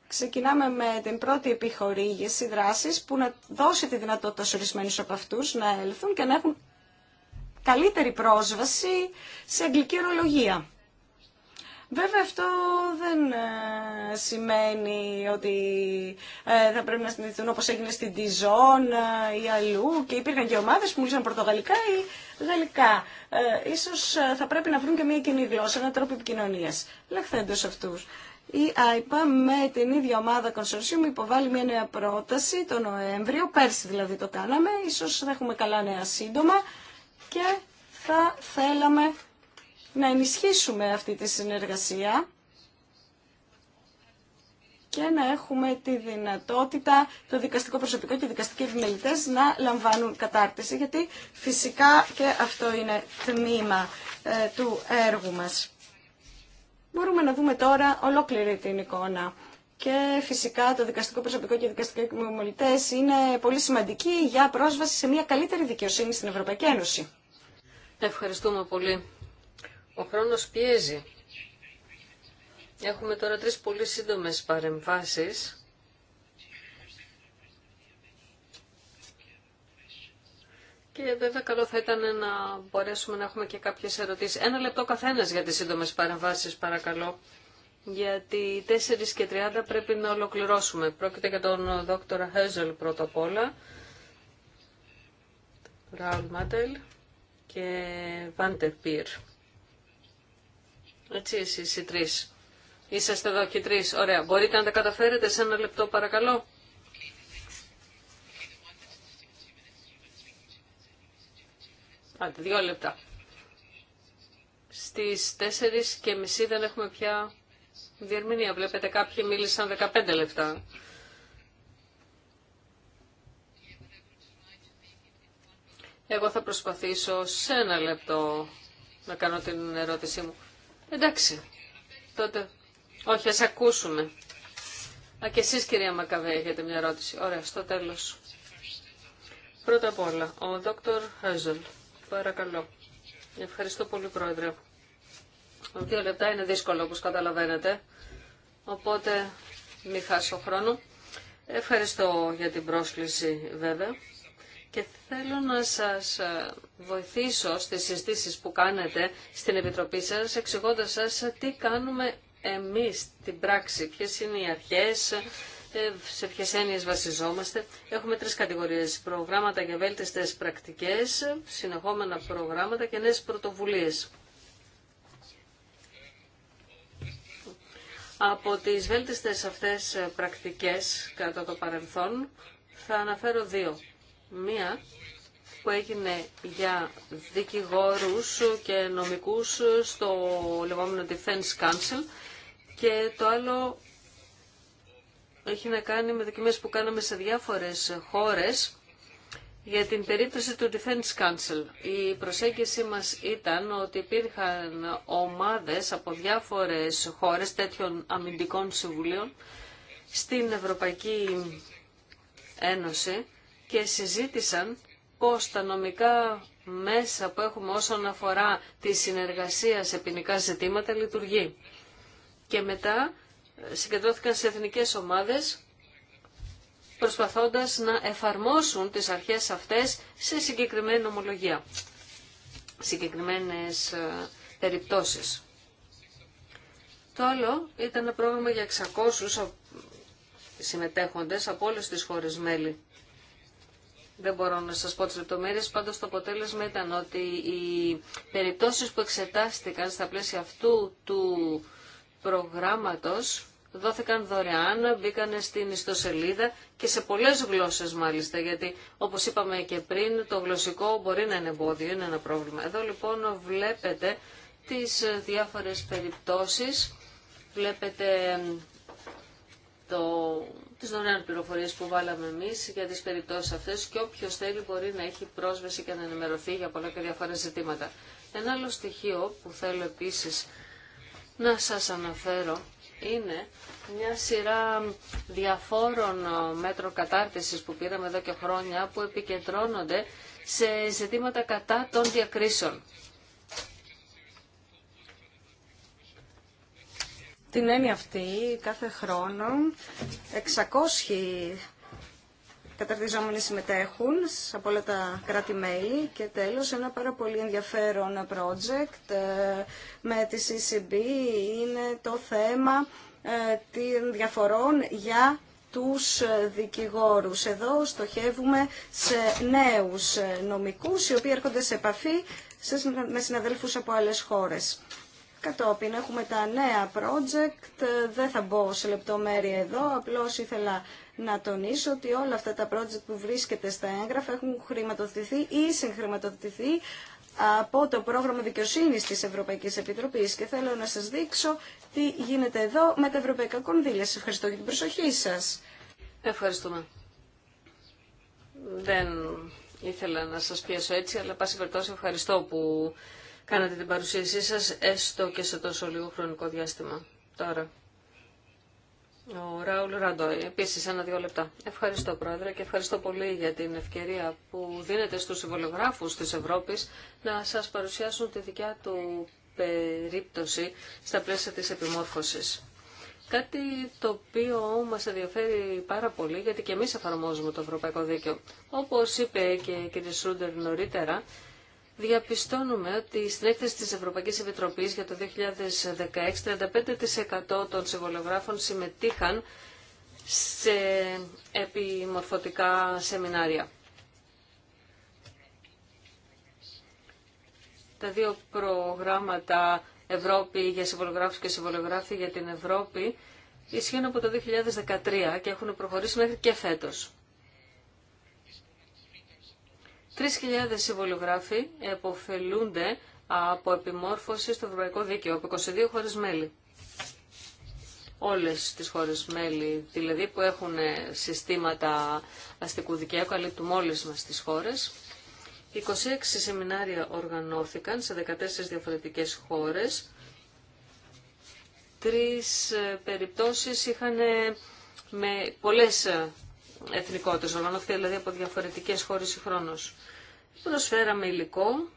ξεκινάμε με την πρώτη επιχορήγηση δράσης που να δώσει τη δυνατότητα σε ορισμένους από αυτούς να έλθουν και να έχουν καλύτερη πρόσβαση σε αγγλική ορολογία. Βέβαια αυτό δεν ε, σημαίνει ότι ε, θα πρέπει να συνδεθούν όπως έγινε στην Τιζόν ε, ή αλλού και υπήρχαν και ομάδες που μιλούσαν πορτογαλικά ή γαλλικά. ίσως θα πρέπει να βρουν και μια κοινή γλώσσα, ένα τρόπο επικοινωνίας. Λεχθέντος αυτούς. Η ΆΙΠΑ με την ίδια ομάδα μου υποβάλλει μια νέα πρόταση το Νοέμβριο, πέρσι δηλαδή το κάναμε, ίσως θα έχουμε καλά νέα σύντομα και θα θέλαμε να ενισχύσουμε αυτή τη συνεργασία και να έχουμε τη δυνατότητα το δικαστικό προσωπικό και οι δικαστικοί επιμελητές να λαμβάνουν κατάρτιση, γιατί φυσικά και αυτό είναι τμήμα ε, του έργου μας. Μπορούμε να δούμε τώρα ολόκληρη την εικόνα. Και φυσικά το δικαστικό προσωπικό και οι δικαστικοί επιμελητές είναι πολύ σημαντικοί για πρόσβαση σε μια καλύτερη δικαιοσύνη στην Ευρωπαϊκή Ένωση. Ευχαριστούμε πολύ. Ο χρόνος πιέζει. Έχουμε τώρα τρεις πολύ σύντομες παρεμβάσεις. Και βέβαια καλό θα ήταν να μπορέσουμε να έχουμε και κάποιες ερωτήσεις. Ένα λεπτό καθένας για τις σύντομες παρεμβάσεις παρακαλώ. Γιατί 4 και 30 πρέπει να ολοκληρώσουμε. Πρόκειται για τον δόκτωρα Χέζελ πρώτα απ' όλα. Ραουλ Μάτελ και Βάντερ Πύρ. Έτσι εσεί οι τρει. Είσαστε εδώ και τρει. Ωραία. Μπορείτε να τα καταφέρετε σε ένα λεπτό παρακαλώ. Άντε, δύο λεπτά. στι τέσσερι και μισή δεν έχουμε πια διερμηνία. Βλέπετε κάποιοι μίλησαν 15 λεπτά. Εγώ θα προσπαθήσω σε ένα λεπτό να κάνω την ερώτησή μου. Εντάξει, τότε. Όχι, ας ακούσουμε. Α, και εσείς κυρία Μακαβέ έχετε μια ερώτηση. Ωραία, στο τέλος. Πρώτα απ' όλα, ο Δόκτωρ Χάζελ. Παρακαλώ. Ευχαριστώ πολύ, Πρόεδρε. Δύο λεπτά είναι δύσκολο, όπως καταλαβαίνετε. Οπότε, μην χάσω χρόνο. Ευχαριστώ για την πρόσκληση, βέβαια και θέλω να σας ε, βοηθήσω στις συζητήσεις που κάνετε στην Επιτροπή σας, εξηγώντας σας τι κάνουμε εμείς την πράξη, ποιες είναι οι αρχές, ε, σε ποιε έννοιε βασιζόμαστε. Έχουμε τρει κατηγορίε. Προγράμματα για βέλτιστε πρακτικέ, συνεχόμενα προγράμματα και νέε πρωτοβουλίε. Από τις βέλτιστες αυτές πρακτικές κατά το παρελθόν θα αναφέρω δύο μία που έγινε για δικηγόρους και νομικούς στο λεγόμενο Defense Council και το άλλο έχει να κάνει με δοκιμές που κάναμε σε διάφορες χώρες για την περίπτωση του Defense Council. Η προσέγγιση μας ήταν ότι υπήρχαν ομάδες από διάφορες χώρες τέτοιων αμυντικών συμβουλίων στην Ευρωπαϊκή Ένωση και συζήτησαν πως τα νομικά μέσα που έχουμε όσον αφορά τη συνεργασία σε ποινικά ζητήματα λειτουργεί. Και μετά ε, συγκεντρώθηκαν σε εθνικές ομάδες προσπαθώντας να εφαρμόσουν τις αρχές αυτές σε συγκεκριμένη ομολογία, συγκεκριμένες ε, περιπτώσεις. Το άλλο ήταν ένα πρόγραμμα για 600 συμμετέχοντες από όλες τις χώρες μέλη. Δεν μπορώ να σας πω τις λεπτομέρειες, πάντως το αποτέλεσμα ήταν ότι οι περιπτώσεις που εξετάστηκαν στα πλαίσια αυτού του προγράμματος δόθηκαν δωρεάν, μπήκαν στην ιστοσελίδα και σε πολλές γλώσσες μάλιστα, γιατί όπως είπαμε και πριν το γλωσσικό μπορεί να είναι εμπόδιο, είναι ένα πρόβλημα. Εδώ λοιπόν βλέπετε τις διάφορες περιπτώσεις, βλέπετε το, τις δωρεάν πληροφορίες που βάλαμε εμείς για τις περιπτώσεις αυτές και όποιος θέλει μπορεί να έχει πρόσβαση και να ενημερωθεί για πολλά και διάφορα ζητήματα. Ένα άλλο στοιχείο που θέλω επίσης να σας αναφέρω είναι μια σειρά διαφόρων μέτρων κατάρτισης που πήραμε εδώ και χρόνια που επικεντρώνονται σε ζητήματα κατά των διακρίσεων. την έννοια αυτή κάθε χρόνο 600 καταρτιζόμενοι συμμετέχουν από όλα τα κράτη-μέλη και τέλος ένα πάρα πολύ ενδιαφέρον project ε, με τη CCB είναι το θέμα ε, των διαφορών για τους δικηγόρους. Εδώ στοχεύουμε σε νέους νομικούς οι οποίοι έρχονται σε επαφή με συναδέλφους από άλλες χώρες. Κατόπιν έχουμε τα νέα project, δεν θα μπω σε λεπτομέρεια εδώ, απλώς ήθελα να τονίσω ότι όλα αυτά τα project που βρίσκεται στα έγγραφα έχουν χρηματοδοτηθεί ή συγχρηματοδοτηθεί από το πρόγραμμα δικαιοσύνης της Ευρωπαϊκής Επιτροπής και θέλω να σας δείξω τι γίνεται εδώ με τα ευρωπαϊκά κονδύλια. Σας ευχαριστώ για την προσοχή σας. Ευχαριστούμε. Δεν ήθελα να σας πιέσω έτσι, αλλά πάση περιπτώσει ευχαριστώ που κάνατε την παρουσίασή σας έστω και σε τόσο λίγο χρονικό διάστημα. Τώρα. Ο Ράουλ Ραντόι, επίση ένα-δύο λεπτά. Ευχαριστώ, Πρόεδρε, και ευχαριστώ πολύ για την ευκαιρία που δίνετε στου συμβολογράφου τη Ευρώπη να σα παρουσιάσουν τη δικιά του περίπτωση στα πλαίσια τη επιμόρφωση. Κάτι το οποίο μας ενδιαφέρει πάρα πολύ, γιατί και εμείς εφαρμόζουμε το Ευρωπαϊκό Δίκαιο. Όπως είπε και η κυρία Σούντερ νωρίτερα, διαπιστώνουμε ότι στην έκθεση της Ευρωπαϊκής Επιτροπής για το 2016, 35% των συμβολογράφων συμμετείχαν σε επιμορφωτικά σεμινάρια. Τα δύο προγράμματα Ευρώπη για συμβολογράφους και συμβολογράφοι για την Ευρώπη ισχύουν από το 2013 και έχουν προχωρήσει μέχρι και φέτος. 3.000 συμβολιογράφοι εποφελούνται από επιμόρφωση στο ευρωπαϊκό δίκαιο από 22 χώρε μέλη. Όλες τις χώρες μέλη, δηλαδή που έχουν ε, συστήματα αστικού δικαίου, καλύπτουν όλε μα τι χώρε. 26 σεμινάρια οργανώθηκαν σε 14 διαφορετικέ χώρε. Τρει ε, περιπτώσει είχαν ε, με πολλέ εθνικότητες οργανώθηκαν, δηλαδή από διαφορετικέ χώρε συγχρόνω. Προσφέραμε υλικό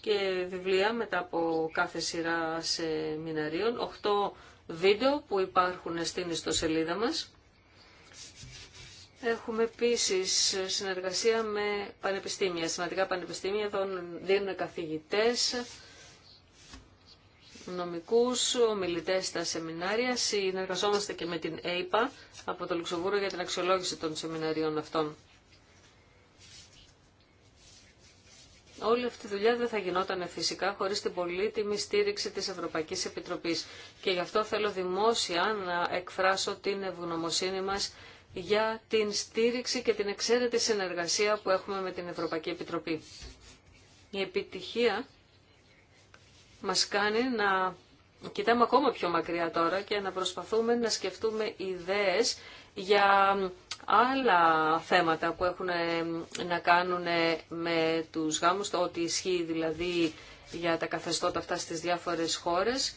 και βιβλία μετά από κάθε σειρά σεμιναρίων, 8 βίντεο που υπάρχουν στην ιστοσελίδα μας. Έχουμε επίσης συνεργασία με πανεπιστήμια, σημαντικά πανεπιστήμια, εδώ δίνουν καθηγητές, νομικούς, ομιλητές στα σεμινάρια. Συνεργαζόμαστε και με την ΕΙΠΑ από το Λουξεμβούργο για την αξιολόγηση των σεμιναρίων αυτών. Όλη αυτή η δουλειά δεν θα γινόταν φυσικά χωρίς την πολύτιμη στήριξη της Ευρωπαϊκής Επιτροπής και γι' αυτό θέλω δημόσια να εκφράσω την ευγνωμοσύνη μας για την στήριξη και την εξαίρετη συνεργασία που έχουμε με την Ευρωπαϊκή Επιτροπή. Η επιτυχία μας κάνει να κοιτάμε ακόμα πιο μακριά τώρα και να προσπαθούμε να σκεφτούμε ιδέες για άλλα θέματα που έχουν ε, να κάνουν ε, με τους γάμους, το ότι ισχύει δηλαδή για τα καθεστώτα αυτά στις διάφορες χώρες.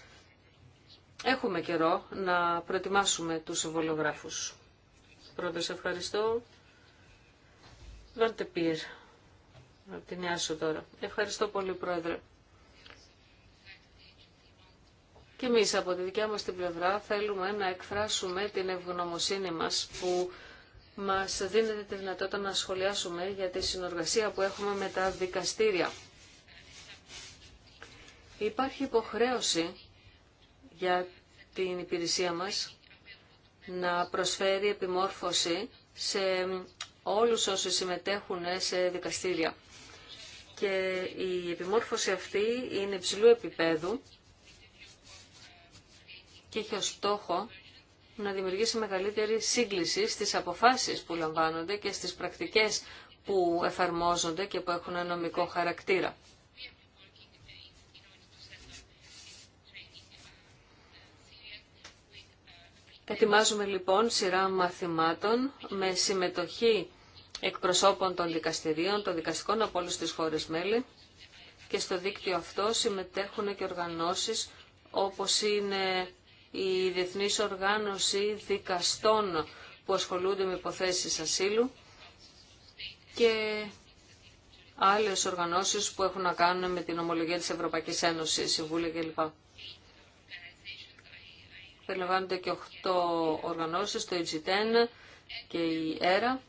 Έχουμε καιρό να προετοιμάσουμε τους βολογράφους. Πρώτα ευχαριστώ. Βάλτε πύρ. την τώρα. Ευχαριστώ πολύ, Πρόεδρε. Και εμείς από τη δικιά μας την πλευρά θέλουμε να εκφράσουμε την ευγνωμοσύνη μας που μας δίνεται τη δυνατότητα να σχολιάσουμε για τη συνεργασία που έχουμε με τα δικαστήρια. Υπάρχει υποχρέωση για την υπηρεσία μας να προσφέρει επιμόρφωση σε όλους όσοι συμμετέχουν σε δικαστήρια. Και η επιμόρφωση αυτή είναι υψηλού επίπεδου και έχει ως στόχο να δημιουργήσει μεγαλύτερη σύγκληση στις αποφάσεις που λαμβάνονται και στις πρακτικές που εφαρμόζονται και που έχουν νομικό χαρακτήρα. Ετοιμάζουμε λοιπόν σειρά μαθημάτων με συμμετοχή εκπροσώπων των δικαστηρίων, των δικαστικών από όλες τις χώρες μέλη και στο δίκτυο αυτό συμμετέχουν και οργανώσεις όπως είναι η Διεθνής Οργάνωση Δικαστών που ασχολούνται με υποθέσεις ασύλου και άλλες οργανώσεις που έχουν να κάνουν με την ομολογία της Ευρωπαϊκής Ένωσης, Συμβούλια κλπ. Περιλαμβάνονται και 8 οργανώσεις, το EG10 και η ΕΡΑ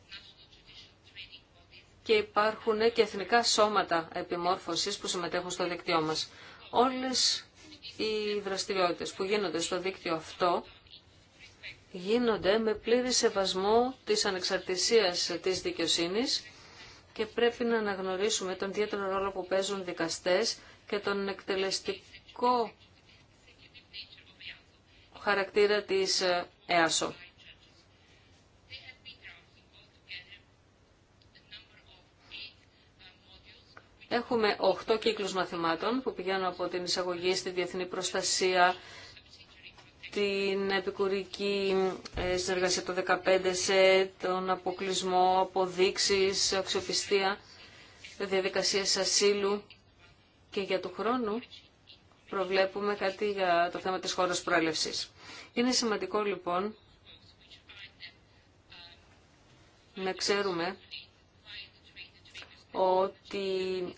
και υπάρχουν και εθνικά σώματα επιμόρφωσης που συμμετέχουν στο δίκτυό μας. Όλες οι δραστηριότητες που γίνονται στο δίκτυο αυτό γίνονται με πλήρη σεβασμό της ανεξαρτησίας της δικαιοσύνης και πρέπει να αναγνωρίσουμε τον ιδιαίτερο ρόλο που παίζουν δικαστές και τον εκτελεστικό χαρακτήρα της ΕΑΣΟ. Έχουμε 8 κύκλους μαθημάτων που πηγαίνουν από την εισαγωγή στη διεθνή προστασία, την επικουρική ε, συνεργασία το 15 σε τον αποκλεισμό, αποδείξεις, αξιοπιστία, διαδικασίες ασύλου και για του χρόνου προβλέπουμε κάτι για το θέμα της χώρας προέλευσης. Είναι σημαντικό λοιπόν να ξέρουμε ότι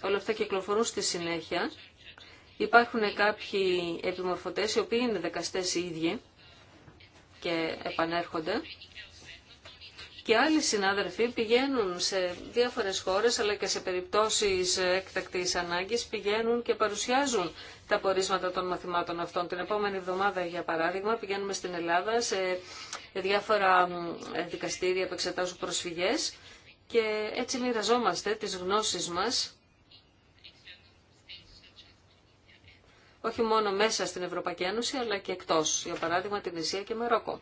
όλα αυτά κυκλοφορούν στη συνέχεια. Υπάρχουν κάποιοι επιμορφωτές οι οποίοι είναι δεκαστές οι ίδιοι και επανέρχονται και άλλοι συνάδελφοι πηγαίνουν σε διάφορες χώρες αλλά και σε περιπτώσεις έκτακτης ανάγκης πηγαίνουν και παρουσιάζουν τα πορίσματα των μαθημάτων αυτών. Την επόμενη εβδομάδα για παράδειγμα πηγαίνουμε στην Ελλάδα σε διάφορα δικαστήρια που εξετάζουν προσφυγές και έτσι μοιραζόμαστε τις γνώσεις μας όχι μόνο μέσα στην Ευρωπαϊκή Ένωση, αλλά και εκτός, για παράδειγμα την Ισία και Μαρόκο.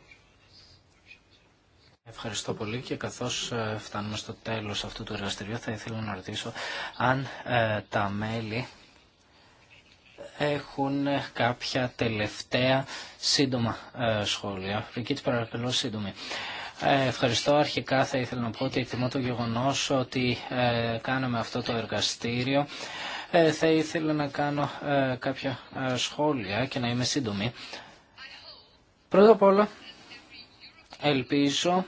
Ευχαριστώ πολύ και καθώς ε, φτάνουμε στο τέλος αυτού του εργαστηρίου θα ήθελα να ρωτήσω αν ε, τα μέλη έχουν ε, κάποια τελευταία σύντομα ε, σχόλια. Ρικίτ παρακαλώ σύντομη. Ε, ευχαριστώ. Αρχικά θα ήθελα να πω ότι εκτιμώ το γεγονός ότι ε, κάναμε αυτό το εργαστήριο. Ε, θα ήθελα να κάνω κάποια σχόλια και να είμαι σύντομη. Πρώτα απ' όλα, ελπίζω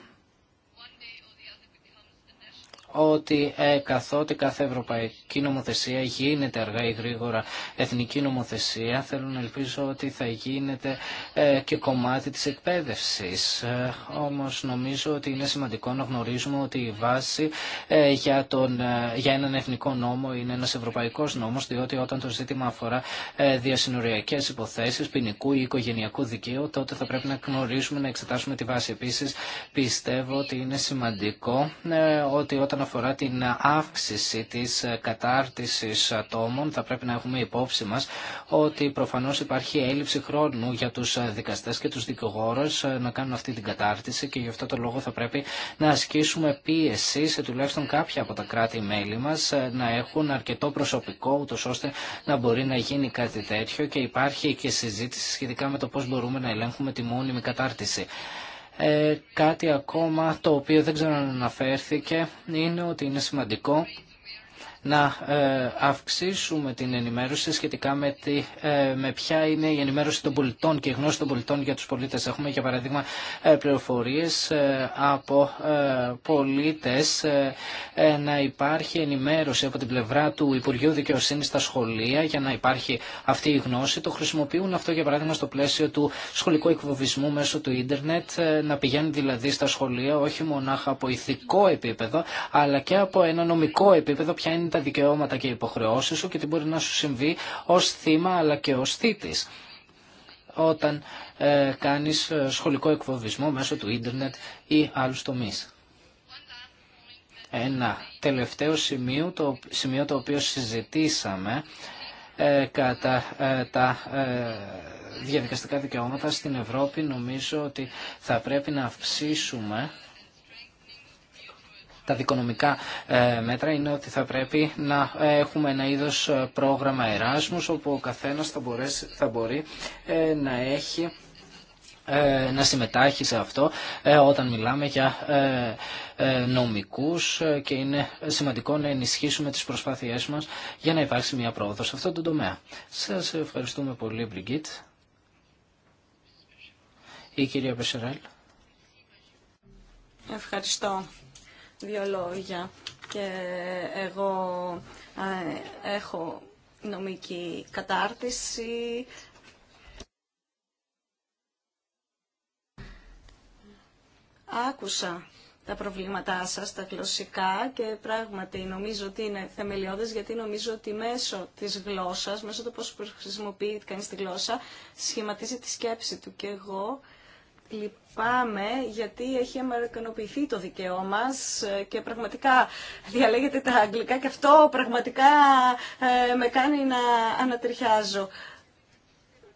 ότι ε, καθότι κάθε ευρωπαϊκή νομοθεσία γίνεται αργά ή γρήγορα εθνική νομοθεσία, θέλω να ελπίζω ότι θα γίνεται ε, και κομμάτι της εκπαίδευσης. Ε, όμως νομίζω ότι είναι σημαντικό να γνωρίζουμε ότι η βάση ε, για, τον, ε, για έναν εθνικό νόμο είναι ένας ευρωπαϊκός νόμος, διότι όταν το ζήτημα αφορά ε, διασυνοριακές υποθέσεις ποινικού ή οικογενειακού δικαίου, τότε θα πρέπει να γνωρίζουμε, να εξετάσουμε τη βάση. Επίσης, πιστεύω ότι είναι σημαντικό ε, ότι όταν όσον αφορά την αύξηση της ε, κατάρτισης ατόμων θα πρέπει να έχουμε υπόψη μας ότι προφανώς υπάρχει έλλειψη χρόνου για τους ε, δικαστές και τους δικηγόρους ε, να κάνουν αυτή την κατάρτιση και γι' αυτό το λόγο θα πρέπει να ασκήσουμε πίεση σε τουλάχιστον κάποια από τα κράτη-μέλη μας να έχουν αρκετό προσωπικό ούτως ώστε να μπορεί να γίνει κάτι τέτοιο και υπάρχει και συζήτηση σχετικά με το πώς μπορούμε να ελέγχουμε τη μόνιμη κατάρτιση. Ε, κάτι ακόμα το οποίο δεν ξέρω αν αναφέρθηκε είναι ότι είναι σημαντικό να ε, αυξήσουμε την ενημέρωση σχετικά με, ε, με ποια είναι η ενημέρωση των πολιτών και η γνώση των πολιτών για τους πολίτες. Έχουμε για παράδειγμα ε, πληροφορίες από πολίτες να υπάρχει ενημέρωση από την πλευρά του Υπουργείου Δικαιοσύνης στα σχολεία για να υπάρχει αυτή η γνώση. Το χρησιμοποιούν αυτό για παράδειγμα στο πλαίσιο του σχολικού εκβοβισμού μέσω του ίντερνετ να πηγαίνουν δηλαδή στα σχολεία όχι μονάχα από ηθικό επίπεδο αλλά και από ένα νομικό επίπεδο ποια είναι τα δικαιώματα και οι υποχρεώσεις σου και τι μπορεί να σου συμβεί ως θύμα αλλά και ως θήτης όταν ε, κάνεις ε, σχολικό εκφοβισμό μέσω του ίντερνετ ή άλλους τομείς. Ένα τελευταίο σημείο το, σημείο το οποίο συζητήσαμε ε, κατά τα διαδικαστικά δικαιώματα στην Ευρώπη νομίζω ότι θα πρέπει να αυξήσουμε τα δικονομικά ε, μέτρα είναι ότι θα πρέπει να έχουμε ένα είδος ε, πρόγραμμα Εράσμους όπου ο καθένας θα, θα μπορεί ε, να έχει να συμμετάχει σε αυτό όταν μιλάμε για νομικούς και είναι σημαντικό να ενισχύσουμε τις προσπάθειές μας για να υπάρξει μια πρόοδο σε αυτό το τομέα. Σας ευχαριστούμε πολύ, Μπριγκίτ. Η κυρία Πεσερέλ. Ευχαριστώ δύο λόγια. Και εγώ έχω νομική κατάρτιση. Άκουσα τα προβλήματά σας, τα γλωσσικά και πράγματι νομίζω ότι είναι θεμελιώδες γιατί νομίζω ότι μέσω της γλώσσας, μέσω του πώς χρησιμοποιεί κανείς τη γλώσσα, σχηματίζει τη σκέψη του και εγώ λυπάμαι γιατί έχει αμερικανοποιηθεί το δικαίωμα μας ε, και πραγματικά διαλέγετε τα αγγλικά και αυτό πραγματικά ε, με κάνει να ανατριχιάζω.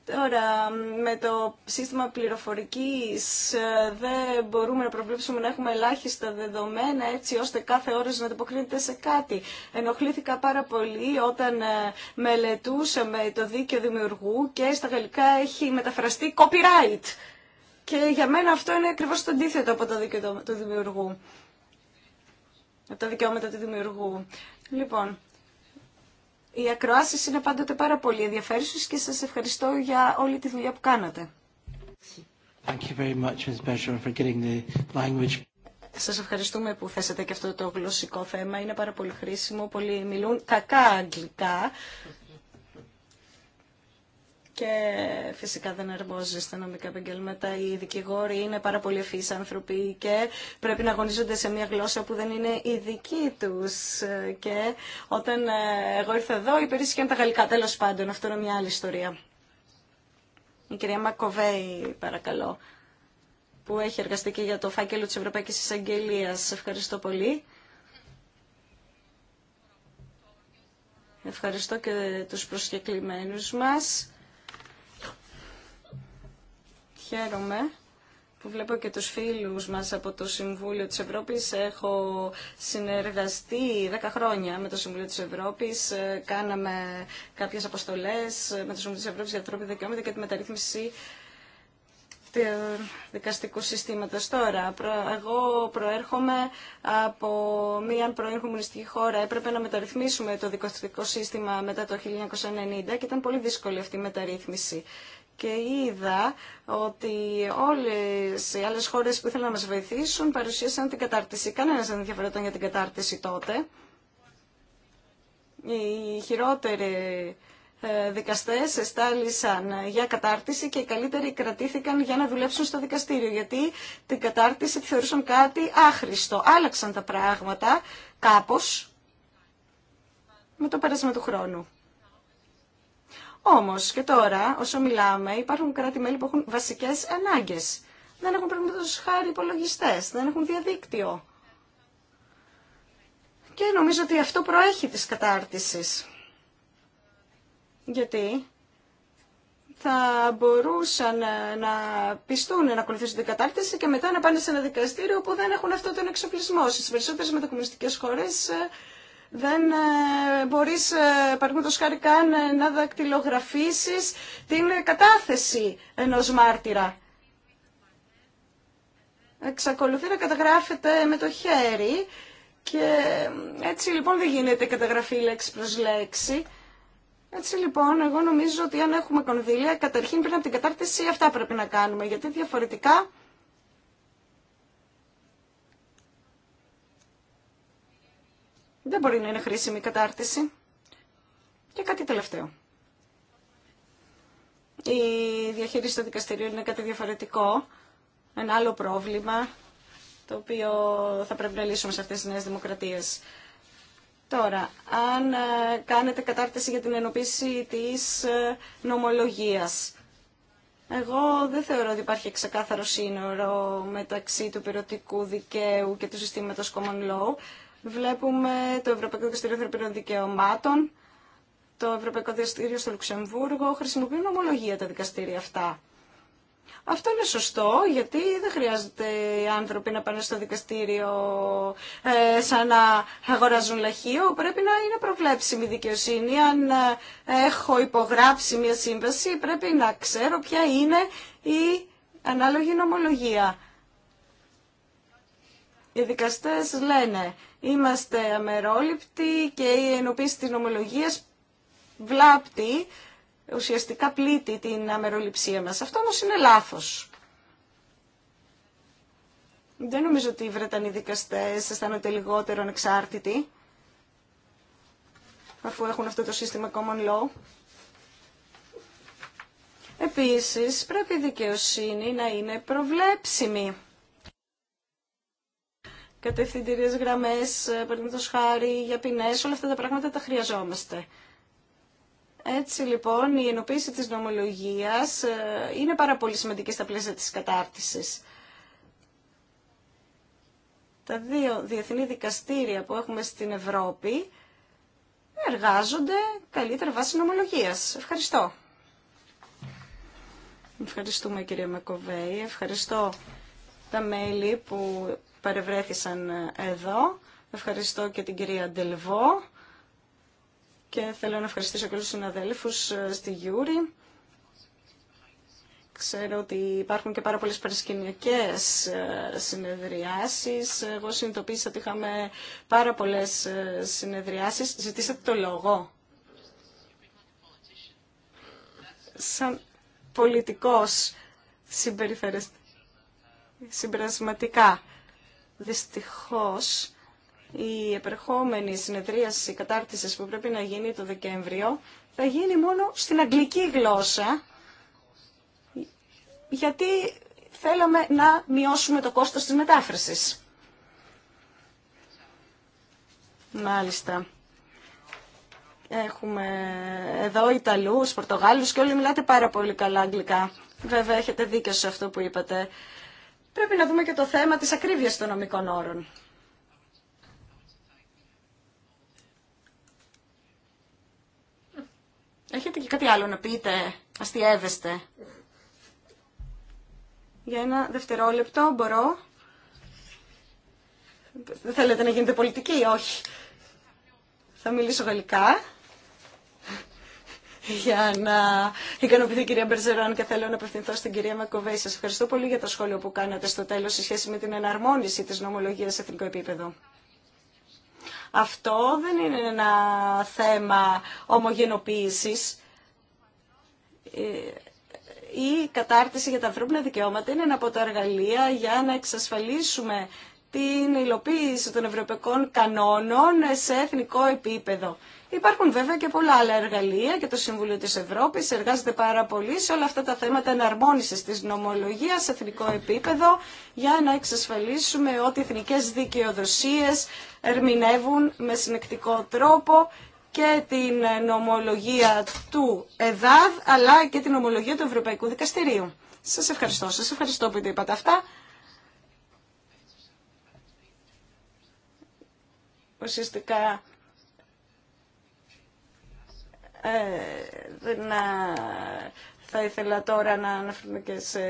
Τώρα, με το σύστημα πληροφορικής ε, δεν μπορούμε να προβλέψουμε να έχουμε ελάχιστα δεδομένα έτσι ώστε κάθε ώρα να ανταποκρίνεται σε κάτι. Ενοχλήθηκα πάρα πολύ όταν μελετούσαμε το δίκαιο δημιουργού και στα γαλλικά έχει μεταφραστεί copyright. Και για μένα αυτό είναι ακριβώς το αντίθετο από τα δικαιώματα του δημιουργού. Από τα δικαιώματα του δημιουργού. Λοιπόν, οι ακροάσεις είναι πάντοτε πάρα πολύ ενδιαφέρουσες και σας ευχαριστώ για όλη τη δουλειά που κάνατε. Thank Σας ευχαριστούμε που θέσατε και αυτό το γλωσσικό θέμα. Είναι πάρα πολύ χρήσιμο. Πολλοί μιλούν κακά αγγλικά και φυσικά δεν αρμόζει στα νομικά επαγγέλματα. Οι δικηγόροι είναι πάρα πολύ ευφύς άνθρωποι και πρέπει να αγωνίζονται σε μια γλώσσα που δεν είναι η δική τους. Και όταν ε, εγώ ήρθα εδώ υπήρχαν τα γαλλικά. Τέλος πάντων, αυτό είναι μια άλλη ιστορία. Η κυρία Μακοβέη, παρακαλώ, που έχει εργαστεί και για το φάκελο της Ευρωπαϊκής Εισαγγελίας. Ευχαριστώ πολύ. Ευχαριστώ και τους προσκεκλημένους μας Χαίρομαι που βλέπω και τους φίλους μας από το Συμβούλιο της Ευρώπης. Έχω συνεργαστεί 10 χρόνια με το Συμβούλιο της Ευρώπης. Ε, κάναμε κάποιες αποστολές με το Συμβούλιο της Ευρώπης για ανθρώπινα δικαιώματα και τη μεταρρύθμιση του δικαστικού συστήματος. Τώρα, εγώ προέρχομαι από μια πρώην χώρα. Έπρεπε να μεταρρυθμίσουμε το δικαστικό σύστημα μετά το 1990 και ήταν πολύ δύσκολη αυτή η μεταρρύθμιση και είδα ότι όλες οι άλλες χώρες που ήθελαν να μας βοηθήσουν παρουσίασαν την κατάρτιση. Κανένα δεν ενδιαφερόταν για την κατάρτιση τότε. Οι χειρότεροι ε, δικαστές εστάλησαν για κατάρτιση και οι καλύτεροι κρατήθηκαν για να δουλέψουν στο δικαστήριο γιατί την κατάρτιση θεωρούσαν κάτι άχρηστο. Άλλαξαν τα πράγματα κάπως με το πέρασμα του χρόνου. Όμως και τώρα, όσο μιλάμε, υπάρχουν κράτη-μέλη που έχουν βασικές ανάγκες. Δεν έχουν του χάρη υπολογιστέ, δεν έχουν διαδίκτυο. Και νομίζω ότι αυτό προέχει της κατάρτισης. Γιατί θα μπορούσαν ε, να πιστούν να ακολουθήσουν την κατάρτιση και μετά να πάνε σε ένα δικαστήριο που δεν έχουν αυτό τον εξοπλισμό. Στι περισσότερε μετακομμουνιστικέ χώρε ε, δεν ε, μπορείς ε, παραδείγματος χάρη καν ε, να δακτυλογραφήσεις την κατάθεση ενός μάρτυρα. Εξακολουθεί να καταγράφεται με το χέρι και έτσι λοιπόν δεν γίνεται καταγραφή λέξη προς λέξη. Έτσι λοιπόν, εγώ νομίζω ότι αν έχουμε κονδύλια, καταρχήν πριν από την κατάρτιση αυτά πρέπει να κάνουμε, γιατί διαφορετικά δεν μπορεί να είναι χρήσιμη η κατάρτιση. Και κάτι τελευταίο. Η διαχείριση των δικαστηρίων είναι κάτι διαφορετικό. Ένα άλλο πρόβλημα το οποίο θα πρέπει να λύσουμε σε αυτές τις νέες δημοκρατίες. Τώρα, αν ε, κάνετε κατάρτιση για την ενοποίηση της ε, νομολογίας, εγώ δεν θεωρώ ότι υπάρχει ξεκάθαρο σύνορο μεταξύ του πυρωτικού δικαίου και του συστήματος common law. Βλέπουμε το Ευρωπαϊκό Δικαστήριο Ευρωπαϊκών Δικαιωμάτων, το Ευρωπαϊκό Δικαστήριο στο Λουξεμβούργο, χρησιμοποιούν ομολογία τα δικαστήρια αυτά. Αυτό είναι σωστό, γιατί δεν χρειάζεται οι άνθρωποι να πάνε στο δικαστήριο ε, σαν να αγοράζουν λαχείο. Πρέπει να είναι προβλέψιμη δικαιοσύνη. Αν ε, έχω υπογράψει μια σύμβαση, πρέπει να ξέρω ποια είναι η ανάλογη νομολογία οι δικαστές λένε είμαστε αμερόληπτοι και η ενοποίηση της νομολογίας βλάπτει, ουσιαστικά πλήττει την αμεροληψία μας. Αυτό όμως είναι λάθος. Δεν νομίζω ότι οι Βρετανοί δικαστές αισθάνονται λιγότερο ανεξάρτητοι αφού έχουν αυτό το σύστημα common law. Επίσης, πρέπει η δικαιοσύνη να είναι προβλέψιμη κατευθυντηρίες γραμμές, ε, παραδείγματο χάρη, για ποινέ, όλα αυτά τα πράγματα τα χρειαζόμαστε. Έτσι λοιπόν η ενοποίηση της νομολογίας ε, είναι πάρα πολύ σημαντική στα πλαίσια της κατάρτιση. Τα δύο διεθνή δικαστήρια που έχουμε στην Ευρώπη εργάζονται καλύτερα βάσει νομολογίας. Ευχαριστώ. Ευχαριστούμε κύριε Μακοβέη. Ευχαριστώ τα μέλη που παρευρέθησαν εδώ. Ευχαριστώ και την κυρία Ντελβό και θέλω να ευχαριστήσω και τους συναδέλφους ε, στη Γιούρη. Ξέρω ότι υπάρχουν και πάρα πολλές παρασκηνιακές ε, συνεδριάσεις. Εγώ συνειδητοποίησα ότι είχαμε πάρα πολλές ε, συνεδριάσεις. Ζητήσατε το λόγο. Σαν πολιτικός συμπεριφέρεστε συμπερασματικά. Δυστυχώς, η επερχόμενη συνεδρίαση κατάρτισης που πρέπει να γίνει το Δεκέμβριο θα γίνει μόνο στην αγγλική γλώσσα, γιατί θέλαμε να μειώσουμε το κόστος της μετάφρασης. Μάλιστα. Έχουμε εδώ Ιταλούς, Πορτογάλους και όλοι μιλάτε πάρα πολύ καλά αγγλικά. Βέβαια έχετε δίκιο σε αυτό που είπατε πρέπει να δούμε και το θέμα της ακρίβειας των νομικών όρων. Έχετε και κάτι άλλο να πείτε, αστιεύεστε. Για ένα δευτερόλεπτο μπορώ. Δεν θέλετε να γίνετε πολιτική; όχι. Θα μιλήσω γαλλικά για να ικανοποιηθεί η κυρία Μπερζερόν και θέλω να απευθυνθώ στην κυρία Μακοβέη. σα ευχαριστώ πολύ για το σχόλιο που κάνατε στο τέλος σε σχέση με την εναρμόνιση της νομολογίας σε εθνικό επίπεδο. Αυτό δεν είναι ένα θέμα ομογενοποίησης. Ε, η κατάρτιση για τα ανθρώπινα δικαιώματα είναι ένα από τα εργαλεία για να εξασφαλίσουμε την υλοποίηση των ευρωπαϊκών κανόνων σε εθνικό επίπεδο. Υπάρχουν βέβαια και πολλά άλλα εργαλεία και το Συμβούλιο της Ευρώπης εργάζεται πάρα πολύ σε όλα αυτά τα θέματα εναρμόνισης της νομολογίας σε εθνικό επίπεδο για να εξασφαλίσουμε ότι οι εθνικές δικαιοδοσίες ερμηνεύουν με συνεκτικό τρόπο και την νομολογία του ΕΔΑΔ αλλά και την νομολογία του Ευρωπαϊκού Δικαστηρίου. Σας ευχαριστώ. Σας ευχαριστώ που το είπατε αυτά. ουσιαστικά ε, δεν θα ήθελα τώρα να αναφέρουμε και σε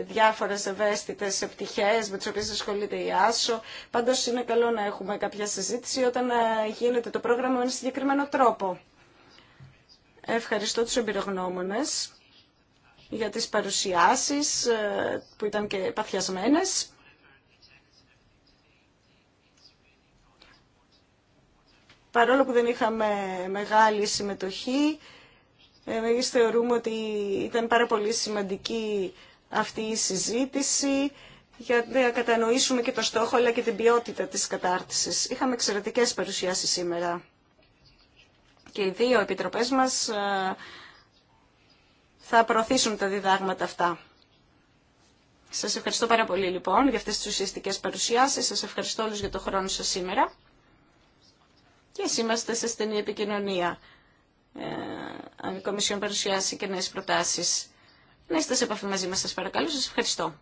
διάφορες ευαίσθητες επιτυχίες με τις οποίες ασχολείται η Άσο. Πάντως είναι καλό να έχουμε κάποια συζήτηση όταν γίνεται το πρόγραμμα με ένα συγκεκριμένο τρόπο. Ευχαριστώ τους εμπειρογνώμονες για τις παρουσιάσεις ε, που ήταν και παθιασμένες. Παρόλο που δεν είχαμε μεγάλη συμμετοχή, εμείς θεωρούμε ότι ήταν πάρα πολύ σημαντική αυτή η συζήτηση για να κατανοήσουμε και το στόχο αλλά και την ποιότητα της κατάρτισης. Είχαμε εξαιρετικές παρουσιάσεις σήμερα και οι δύο επιτροπές μας ε, θα προωθήσουν τα διδάγματα αυτά. Σας ευχαριστώ πάρα πολύ λοιπόν για αυτές τις ουσιαστικές παρουσιάσεις. Σας ευχαριστώ όλους για το χρόνο σας σήμερα και εσύ είμαστε σε στενή επικοινωνία. Ε, αν η Κομισιόν παρουσιάσει και νέες προτάσεις. Να είστε σε επαφή μαζί μας σας παρακαλώ. Σας ευχαριστώ.